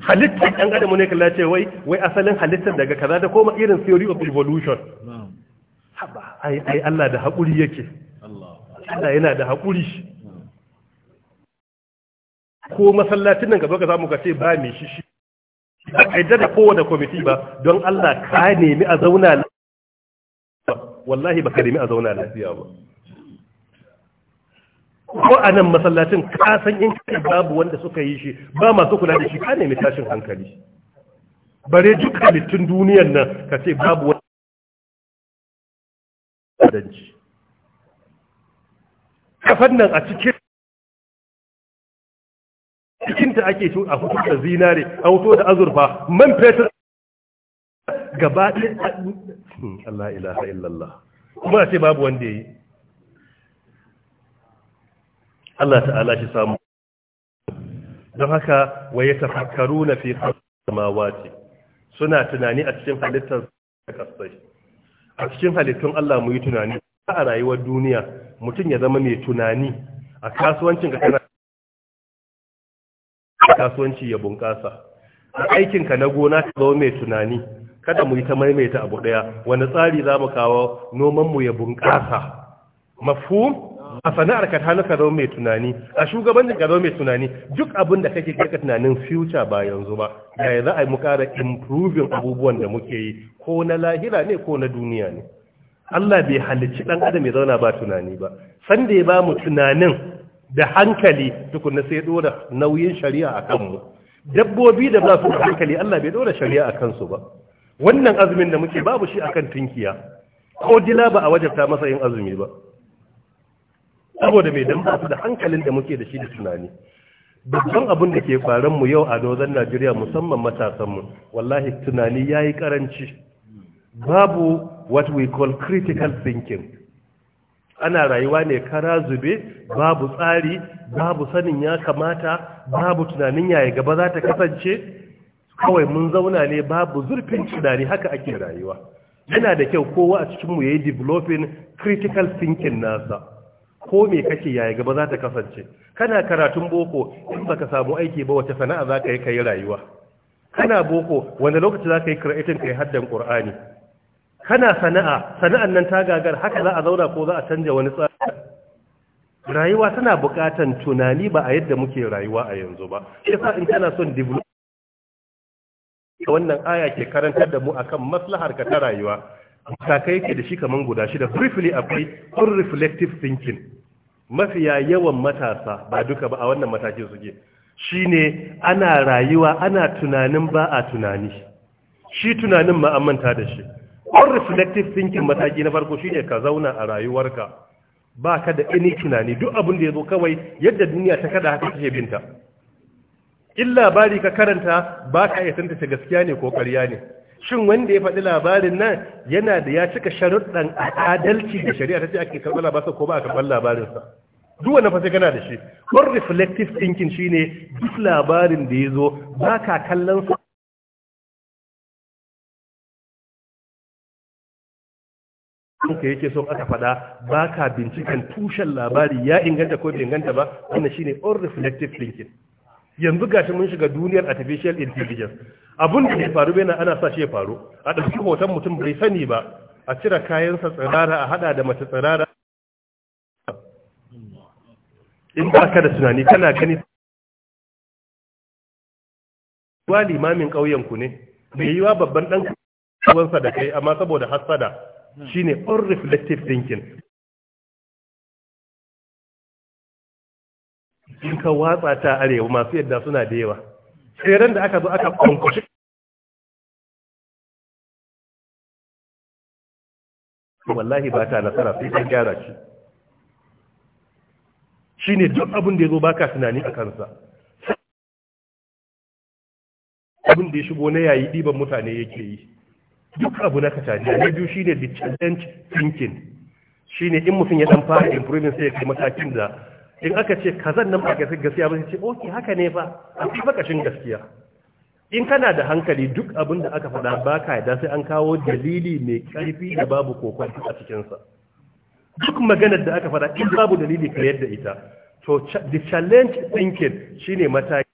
halittar ɗan adam ne kalla ce wai wai asalin halittar daga kaza da koma irin theory of evolution haba ai ai Allah da hakuri yake Allah yana da hakuri ko masallacin nan gaba ka samu ka ce ba mai shi ba da kowane kwamiti ba don Allah ka nemi a zauna lafiya wallahi ba ka nemi a zauna lafiya ba ko a nan masallacin kasan san in kai babu wanda suka yi shi ba masu kula da shi ka nemi tashin hankali bare duk halittun duniyar nan ka ce babu wanda kafannan a cikin cikinta ake a fito da zinare a wuto da azurfa man fetur gaba ɗaya hmm, Allah ilaha illallah kuma a ce babu wanda ya yi Allah ta'ala shi samu don haka wa ya tafakkaru na fi samawati suna tunani a cikin halittar kasai a cikin halittun Allah mu yi tunani a rayuwar duniya mutum ya zama mai tunani a kasuwancin ka kana kasuwanci ya bunƙasa a aikinka na gona ka zo mai tunani kada mu yi ta maimaita abu ɗaya wani tsari za mu kawo mu ya bunƙasa mafu a sana'ar ka hannu ka zo mai tunani a shugabancin ka zo mai tunani duk abin da kake kaka tunanin future ba yanzu ba yaya za a yi mu ƙara improving abubuwan da muke yi ko na lahira ne ko na duniya ne Allah bai halicci ɗan adam ya zauna ba tunani ba sanda ya ba mu tunanin da hankali tukunna sai dora nauyin shari'a a kanmu dabbobi da ba su da hankali Allah bai dora shari'a a kansu ba wannan azumin da muke babu shi akan tinkiya ko dila ba a wajabta masa yin azumi ba saboda mai dan ba su da hankalin da muke da shi da tunani babban abin da ke faran mu yau a dozan Najeriya musamman matasan mu wallahi tunani yayi karanci babu what we call critical thinking ana rayuwa ne kara zube babu tsari babu sanin ya kamata babu tunanin yaya gaba za ta kasance kawai mun zauna ne babu zurfin tunani haka ake rayuwa yana da kyau kowa a cikinmu ya yi developing critical thinking nasa ko me kake yaya gaba za ta kasance kana karatun boko in baka samu aiki ba wata sana'a za ka yi ka yi rayuwa kana boko wanda lokaci za ka yi karatun ka yi haddan ƙur'ani kana sana'a sana'an nan ta gagar haka za a zauna ko za a canja wani tsari rayuwa tana bukatan tunani ba a yadda muke rayuwa a yanzu ba yasa in kana son develop wannan aya ke karantar da mu akan maslahar ka ta rayuwa matakai ke da shi kaman guda shida briefly akwai unreflective thinking mafiya yawan matasa ba duka ba a wannan matakin suke shine ana rayuwa ana tunanin ba a tunani shi tunanin ma an manta da shi on reflective thinking mataki na farko shine ka zauna a rayuwarka ba ka da any tunani duk abin da ya zo kawai yadda duniya ta kada haka take binta in labari ka karanta ba ka iya tantance gaskiya ne ko ƙarya ne shin wanda ya faɗi labarin nan yana da ya cika sharuɗan adalci da shari'a ta ce ake karɓar labarinsa ko ba a karɓar labarinsa duk wani fasai kana da shi More reflective thinking shine duk labarin da ya zo ba ka kallon sa ka yake so aka faɗa ba ka binciken tushen labari ya inganta ko bai inganta ba wannan shine reflective thinking yanzu gashi mun shiga duniyar artificial intelligence abun da ya faru bai ana sa shi ya faru a ɗauki hoton mutum bai sani ba a cire kayansa tsirara a hada da mace tsirara in ba ka da tunani kana gani wa limamin ƙauyenku ne bai yi wa babban ɗan da kai amma saboda hasada shine unreflective thinking in ka watsa ta arewa masu yadda suna da yawa tseren da aka zo aka kwankwashi wallahi ba ta nasara sai ta gyara shi shi ne duk abin da ya zo ba tunani a kansa abin da ya shigo na yayi ɗiban mutane yake yi duk abu na kataniya na biyu shine the challenge thinking shine in mutum ya dan fara improving sai ya kai matakin da in aka ce kazan nan ba gaskiya ba sai ce okay haka ne ba a fi bakashin gaskiya in kana da hankali duk abin da aka faɗa ba ka yadda sai an kawo dalili mai ƙarfi da babu kokon a cikinsa duk maganar da aka faɗa in babu dalili ka yadda ita to the challenge thinking shine mataki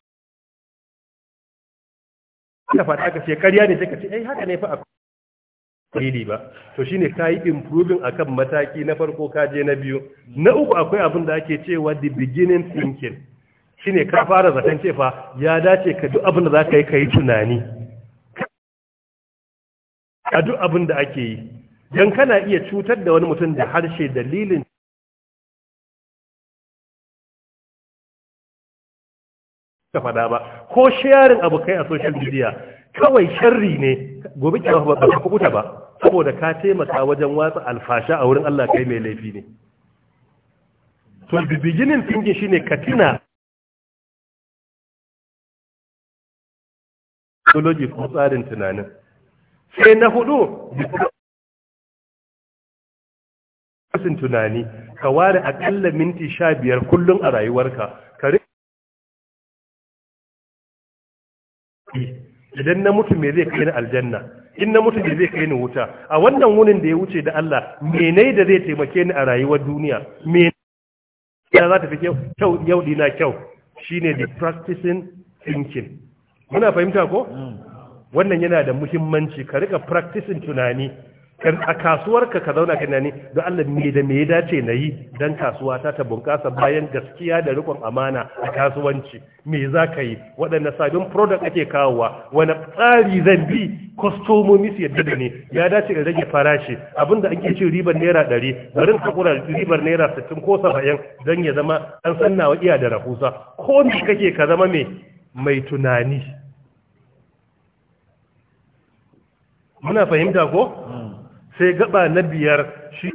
ka faɗa aka ce kariya ne sai ka ce eh haka ne fa akwai dalili ba to shine ka yi improving kan mataki na farko ka je na biyu na uku akwai abin da ake cewa the beginning thinking shine ka fara zaton cefa ya dace ka duk abin da za ka yi ka yi tunani a duk abin da ake yi don kana iya cutar da wani mutum da harshe dalilin ka faɗa ba ko sharing abu a social media kawai sharri ne gobe kiyama ba ka kubuta ba saboda ka taimaka wajen watsa alfasha a wurin Allah kai mai laifi ne to the beginning thing shine ka tuna psychology ko tsarin tunanin sai na hudu kasin tunani ka ware akalla minti sha biyar kullum a rayuwarka ka idan na mutu me zai kai ni aljanna in na mutu me zai kai ni wuta a wannan wurin da ya wuce da Allah mene da zai taimake ni a rayuwar duniya me ya za ta fi kyau yau dina kyau shine the practicing thinking muna fahimta ko hmm. wannan yana da muhimmanci ka rika practicing tunani a kasuwarka ka zauna kana ni, don Allah me da me ya dace na yi don kasuwa ta ta bunƙasa bayan gaskiya da rikon amana a kasuwanci me za ka yi waɗanne sabbin product ake kawowa wani tsari zan bi kwastomomi su yadda da ne ya dace in rage farashi abinda ake cin ribar naira ɗari bari ka ribar naira sittin ko saba'in don ya zama an san nawa iya da rahusa ko me kake ka zama me mai tunani muna fahimta ko hmm. sai gaba na biyar shi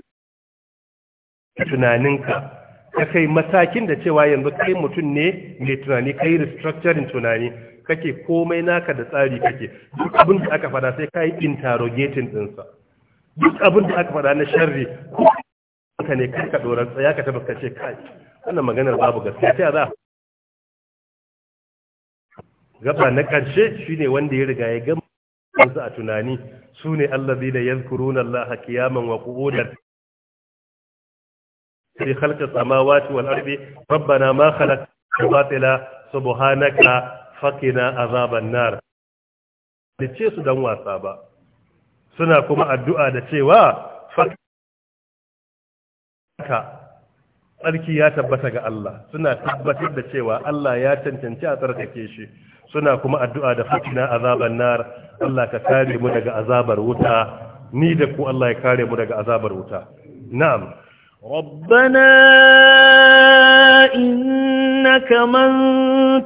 tunaninka ka kai matakin da cewa yanzu kai mutum ne mai tunani kai restructuring tunani kake komai naka da tsari kake duk abin da aka fada sai kai interrogating dinsa duk abin da aka fada na sharri ko ka ne kanka doran tsaya ka tabbata ce kai wannan maganar babu gaskiya sai za gaba na karshe shine wanda ya riga ya gama a tunani su ne allazina yadhkuruna allaha qiyaman wa qu'udan fi khalqis samawati wal ardi rabbana ma khalaqta batila subhanaka faqina azaban nar da ce su dan wasa ba suna kuma addu'a da cewa faka tsarki ya tabbata ga Allah suna tabbatar da cewa Allah ya cancanci a tsarkake shi suna kuma addu'a da fatina azaban nar Allah ka kare mu daga azabar wuta ni da ku Allah ya kare mu daga azabar wuta na'am rabbana innaka man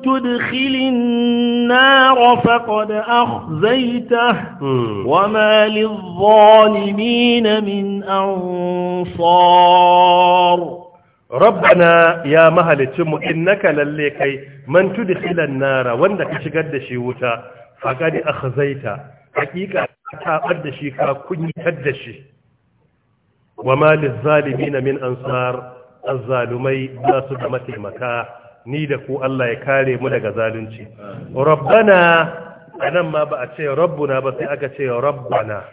tudkhilin nar faqad akhzaytahu hmm. wama lidh min ansar rabbana ya mahalicinmu innaka lalle kai man tudkhilan nara wanda ka shigar da shi wuta faqad A hakika ka taɓar da shi ka kunyatar da shi zalibi na min ansar azzalumai za su da mataimaka ni da ku Allah ya kare mu daga zalunci rabbana nan ma ba a ce rabbuna ba sai aka ce rabbana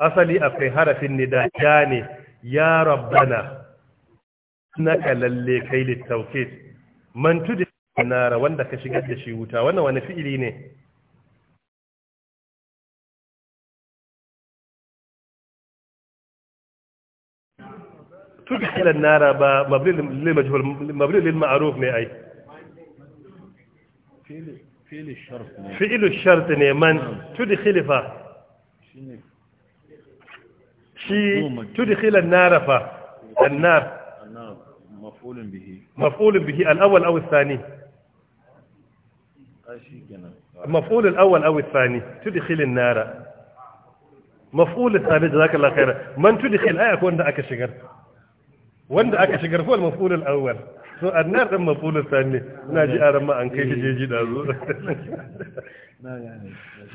asali akwai harafin nida ya ne ya rabbana Naka lalle kai littawkid man tudi nara wanda ka shigar da shi wuta wannan wani fi'ili ne tudi ilan nara ba mabri lil ma'ruf ne ai fi'ilu shart ne man tudi khilifa shi tudi khilan nara fa annar مفعول به مفعول به الأول awal الثاني مفعول الأول أو الثاني تدخل النار مفعول الثاني جزاك man خيرا من تدخل ko wanda aka shigar wanda aka shigar ko المفعول awal so annar din mafulus sani na ji aran ma an kai shi jeji da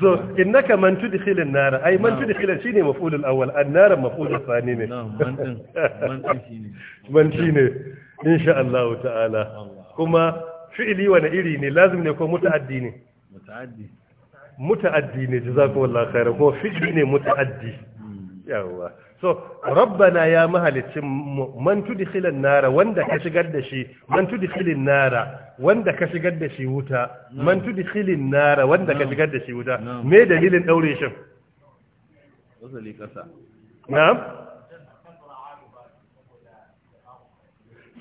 zo so innaka man tudkhil an nara ay man tudkhil shine mafulul awwal an-nar mafulus sani ne man din man shine insha Allah ta'ala kuma fi'ili wani iri ne lazim ne ko muta'addi ne muta'addi muta'addi ne jazakumullahu khairan ko fi'ili ne muta'addi hmm. yawa so rabbana ya mahalicin man filin nara wanda ka shigar da shi man filin nara wanda ka shigar da shi wuta man filin nara wanda ka shigar da shi wuta me dalilin daure shin wasali kasa na'am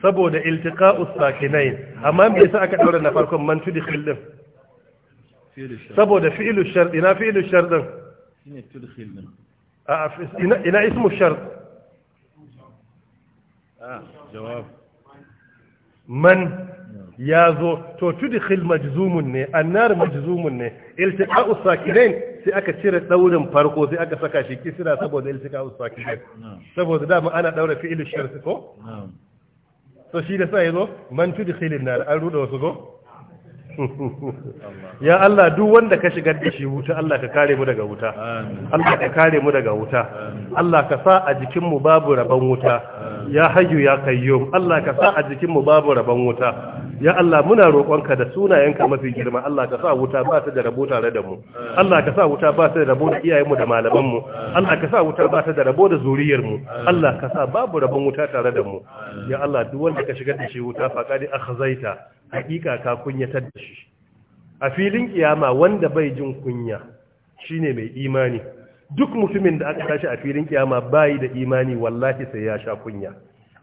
saboda iltika ustakinai amma mai yasa aka daura na farkon mantudi khilin saboda fi'ilu shart ina fi'ilu shart din ina ina ismu shart من يا زو تو تدخل مجزوم ني النار مجزوم ني التقاء الساكنين سي اكا تشير دورن فرقو سي اكا سكا شي كسرا سبو التقاء الساكنين سبو دا ما انا دوره فعل الشرط كو نعم so shi da sa ya zo man tudu khilin na an ruda wasu go ya Allah duk wanda ka shigar da shi wuta Allah ka kare mu daga wuta Allah ka kare mu daga wuta Allah ka sa a jikin mu babu rabon wuta ya hayyu ya kayyum Allah ka sa a jikin mu babu rabon wuta ya Allah muna roƙonka da sunayenka mafi girma Allah ka sa wuta ba ta da rabo tare da mu Allah ka sa wuta ba ta da rabo da iyayenmu da malaman mu. Allah ka sa wuta ba ta da rabo da zuriyar mu. Allah ka sa babu rabon wuta tare da mu ya Allah duk wanda ka shigar da shi wuta faƙari a khazaita hakika ka kunyatar da shi a filin kiyama wanda bai jin kunya shine mai imani duk mutumin da aka tashi a filin kiyama bai da imani wallahi sai ya sha kunya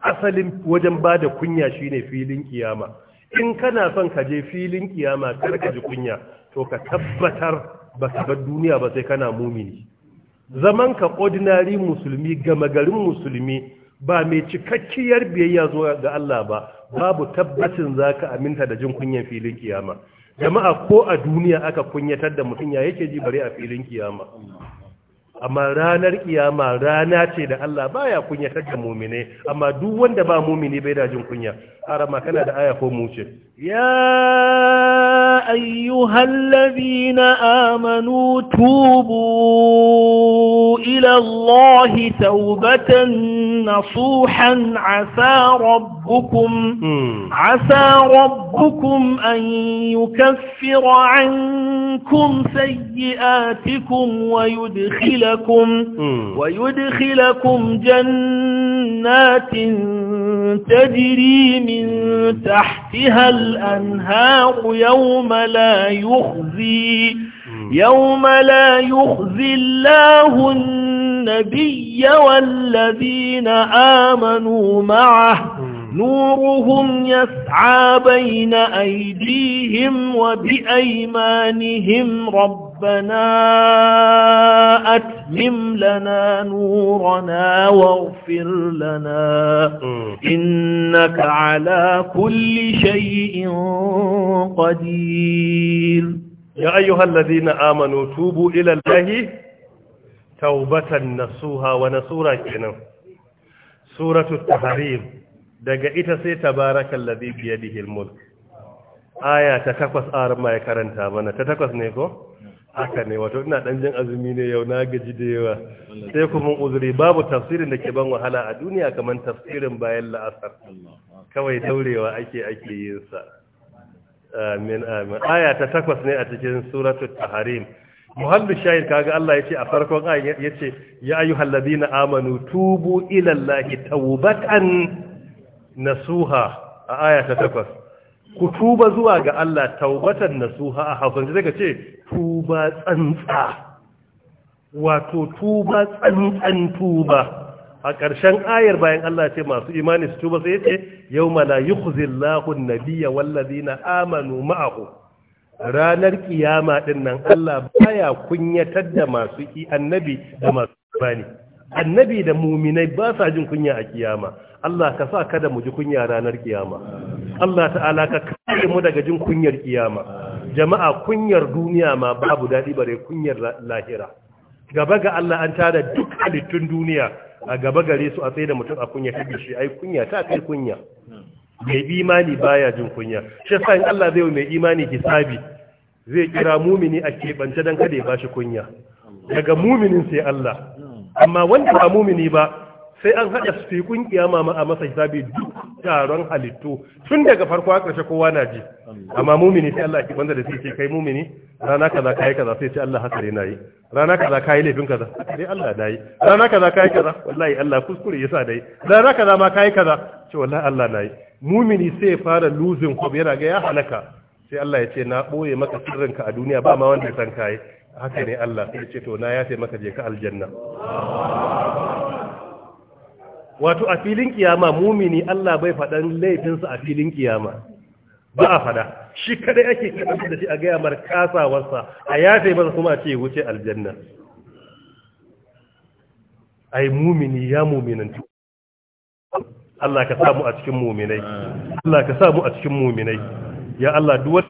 asalin wajen bada kunya shine filin kiyama in kana son ka je filin kiyama kar ka ji kunya to ka tabbatar baka bar duniya ba sai kana mumini zaman ka ordinary musulmi gama garin musulmi ba mai cikakkiyar biyayya zuwa ga Allah ba babu tabbacin zaka aminta da jin kunyan filin kiyama jama'a ko a duniya aka kunyatar da mutum ya yake ji bari a filin kiyama amma ranar kiyama rana ce da Allah baya kunyatar da mumine amma duk wanda ba mumini bai da jin kunya arama kana da aya ko mu يا أيها الذين آمنوا توبوا إلى الله توبة نصوحا عسى ربكم عسى ربكم أن يكفر عنكم سيئاتكم ويدخلكم ويدخلكم جنات تجري من تحتها الأنهار يوم لا يخزي يوم لا يخزي الله النبي والذين آمنوا معه نورهم يسعى بين أيديهم وبأيمانهم رب ربنا أتمم لنا نورنا واغفر لنا إنك على كل شيء قدير يا أيها الذين آمنوا توبوا إلى الله توبة نصوها ونصورا كنا سورة التحريم daga ita sai tabarakal ladhi biyadihi al-mulk aya ta takwas arma ya karanta mana ta takwas ne ko haka ne wato ina dan jin azumi ne yau na gaji da yawa sai kuma uzuri babu tafsirin da ke ban wahala a duniya kamar tafsirin bayan la'asar kawai daurewa ake ake yin sa amin amin aya ta takwas ne a cikin suratul tahrim muhammad shahid kaga Allah yace a farkon ayin yace ya ayyuhal ladina amanu tubu ila allahi tawbatan nasuha a aya ta takwas ku tuba zuwa ga Allah taubatan nasuha a hausance zai ce tuba tsantsa wato tuba tsantsan tuba a ƙarshen ayar bayan Allah ce masu imani su tuba sai ce yau mala yi kuzillahu nabiya wallazi na amanu ma'ahu ranar kiyama ɗin nan Allah baya kunyatar da masu annabi da masu imani annabi da muminai ba sa jin kunya a kiyama Allah ka sa kada mu ji kunya ranar kiyama Allah ta'ala ka kare mu daga jin kunyar kiyama jama'a kunyar duniya ma babu dadi bare kunyar lahira gaba ga Allah an tara duk halittun duniya a gaba gare su a tsaye da mutum a kunya ta shi ai kunya ta kai kunya mai imani baya jin kunya shi sa Allah zai mai imani hisabi zai kira mumini a kebance dan kada ya bashi kunya daga muminin sai Allah amma wanda ba mumini ba sai an haɗa su kun kiyama ma a masa hisabi duk taron halittu tun daga farko a ƙarshe kowa na ji amma mumini sai Allah ki banda da sai ce kai mumini rana kaza kai kaza sai ce Allah haka na nayi rana kaza kai laifin kaza sai Allah yi. rana kaza kai kaza wallahi Allah kuskure yasa dai rana kaza ma kai kaza ce wallahi Allah nayi mumini sai ya fara losing hope yana ga ya halaka sai Allah ya ce na boye maka sirrinka a duniya ba ma wanda ya san kai haka ne Allah sai ce to na yafe maka je ka aljanna wato a filin kiyama mumini Allah bai faɗan laifinsa a filin kiyama ba a faɗa shi kadai ake kaɗan da shi a gaya mar kasawarsa a yafe masa kuma a ce wuce aljanna ai mumini ya muminantu Allah ka samu a cikin muminai Allah ka samu a cikin muminai ya Allah duk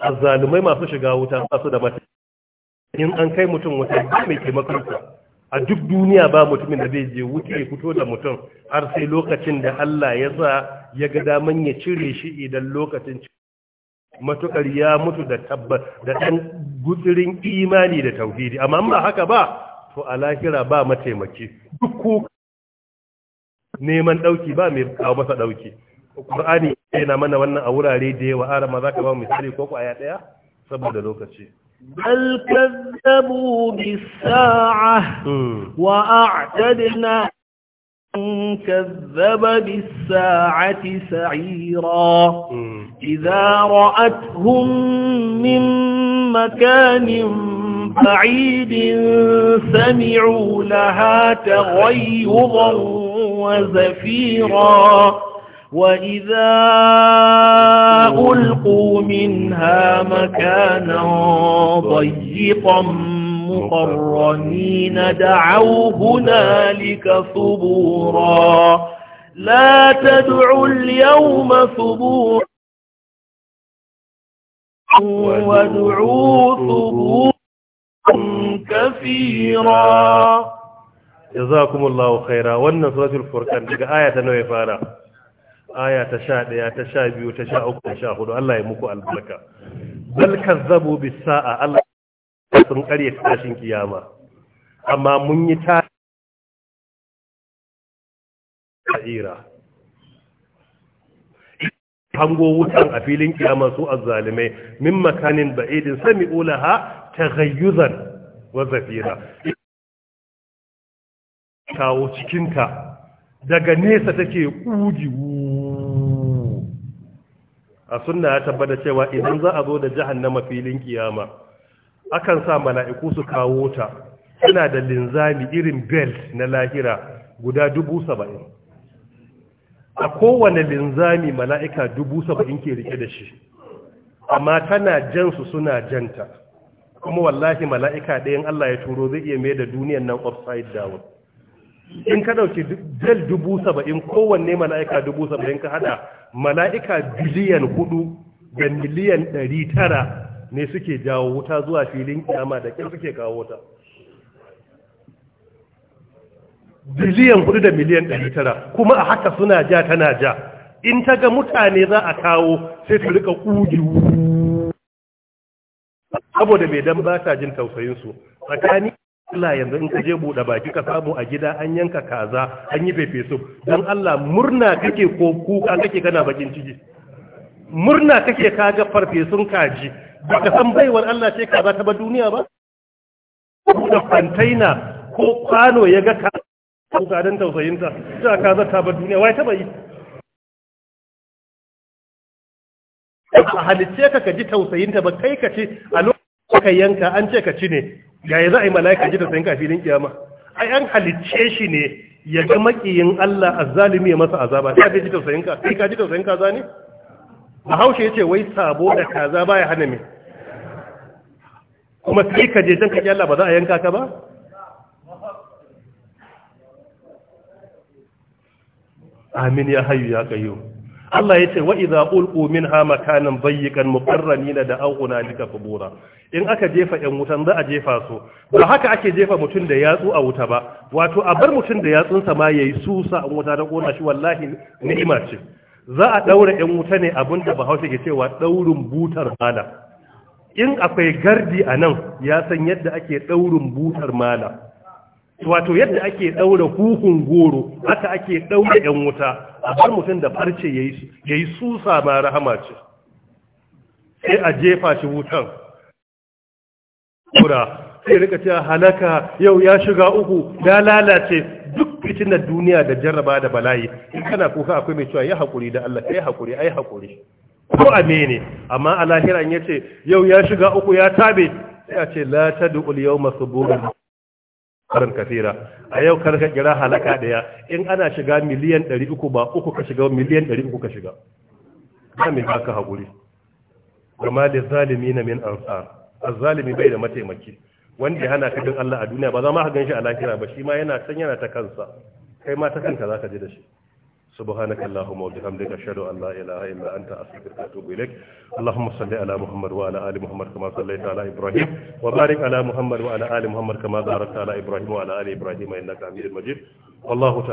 azzalumai masu shiga wuta su da mata in an kai mutum wuta ba mai taimakon a duk duniya ba mutumin da zai je wuce ya fito da mutum har sai lokacin da Allah ya sa ya ga daman ya cire shi idan lokacin matukar ya mutu da tabbas da dan gutsirin imani da tauhidi amma ba haka ba to a lahira ba mataimaki duk neman dauki ba mai kawo masa ɗauki. Qur'ani yana mana wannan a wurare da yawa ara ma zaka ba mu misali ko aya daya saboda lokaci bal kazzabu bis sa'a wa a'tadna كذب بالساعة سعيرا إذا رأتهم من مكان بعيد سمعوا لها تغيظا وزفيرا وإذا ألقوا منها مكانا ضيقا مقرنين دعوا هنالك ثبورا لا تدعوا اليوم ثبورا وادعوا ثبورا كثيرا جزاكم الله خيرا والنصرة سورة الفرقان آية نوي فانا aya ta sha ɗaya ta sha biyu ta sha uku ta sha hudu Allah ya muku albarka bal kazzabu bis sa'a Allah sun karya tashin kiyama amma mun yi ta ta'ira hango wutan a filin kiyama su azzalimai min makanin ba'idin sami ulaha taghayyuzan wa zafira kawo cikinta daga nesa take kuji a sunna ya tabbata cewa idan za a zo da jahannama filin kiyama akan sa mala'iku su kawo ta suna da linzami irin belt na lahira guda dubu a kowane linzami mala'ika dubu ke rike da shi amma tana jansu suna janta kuma wallahi mala'ika ɗayan Allah ya turo zai iya mai da duniyan nan upside down in ka dauki dal dubu saba'in kowanne mala'ika dubu saba'in ka hada mala'ika biliyan hudu da miliyan ɗari tara ne suke jawo wuta zuwa filin kyama da kyar suke kawo wuta biliyan hudu da miliyan ɗari tara kuma a haka suna ja tana ja in ta ga mutane za a kawo sai ta rika ƙugi saboda mai dan ba ta jin tausayinsu tsakani Allah yanzu in ka je buɗe baki ka samu a gida an yanka kaza an yi fefeso don Allah murna kake ko kuka kake kana bakin ciki murna kake kaga farfesun kaji baka san baiwar Allah ce kaza ta ba duniya ba da kwantaina ko kwano ya ga ka kuka don tausayinta ta kaza ta ba duniya wai ta yi a halicce ka ka ji tausayinta ba kai ka ce a lokacin kuka yanka an ce ka ci ne yi za a yi mala'ika ji ta sayin filin kiyama ai an halicce shi ne ya ga makiyin Allah azzalimi ya masa azaba sai ka ji da sayin ka kai ka ji da sayin kaza ne a haushe yace wai sabo da kaza baya hana me kuma sai ka je dan ka Allah ba za a yanka ka ba amin ya hayyu ya qayyum Allah ya ce wa idza ulqu minha makanan dayyiqan muqarranina da aghuna lika fubura in aka jefa yan wutan za a jefa su ba haka ake jefa mutum da yatsu a wuta ba wato a bar mutum da yatsunsa ma ya yi susa an wuta da kona shi wallahi ni'ima ce za a ɗaura yan wuta ne da Bahaushe ke cewa ɗaurin butar mala in akwai gardi a nan ya san yadda ake ɗaurin butar mala wato yadda ake ɗaura huhun goro haka ake ɗaura yan wuta a bar mutum da farce ya yi susa ma rahama ce sai a jefa shi wutan kura sai rika cewa halaka yau ya shiga uku ya lalace duk fitinar duniya da jarraba da bala'i in kana kuka akwai mai cewa ya hakuri da Allah kai hakuri ai hakuri ko amene amma a lahira in yace yau ya shiga uku ya tabe sai a ce la tad'ul yawma suburan karan kafira a yau karka kira halaka daya in ana shiga miliyan 300 ba uku ka shiga miliyan 300 ka shiga ba mai haka hakuri kuma da zalimina min ansar azzalimi bai da mataimaki wanda ya hana ka bin Allah a duniya ba za ma ka ganshi a lahira ba shi ma yana san yana ta kansa kai ma ta kanka zaka ji da shi subhanaka allahumma wa bihamdika ashhadu an la ilaha illa anta allahumma salli ala muhammad wa muhammad kama sallaita ala ibrahim wa ala muhammad wa muhammad kama barakta ala ibrahim wa ibrahim innaka hamidul majid wallahu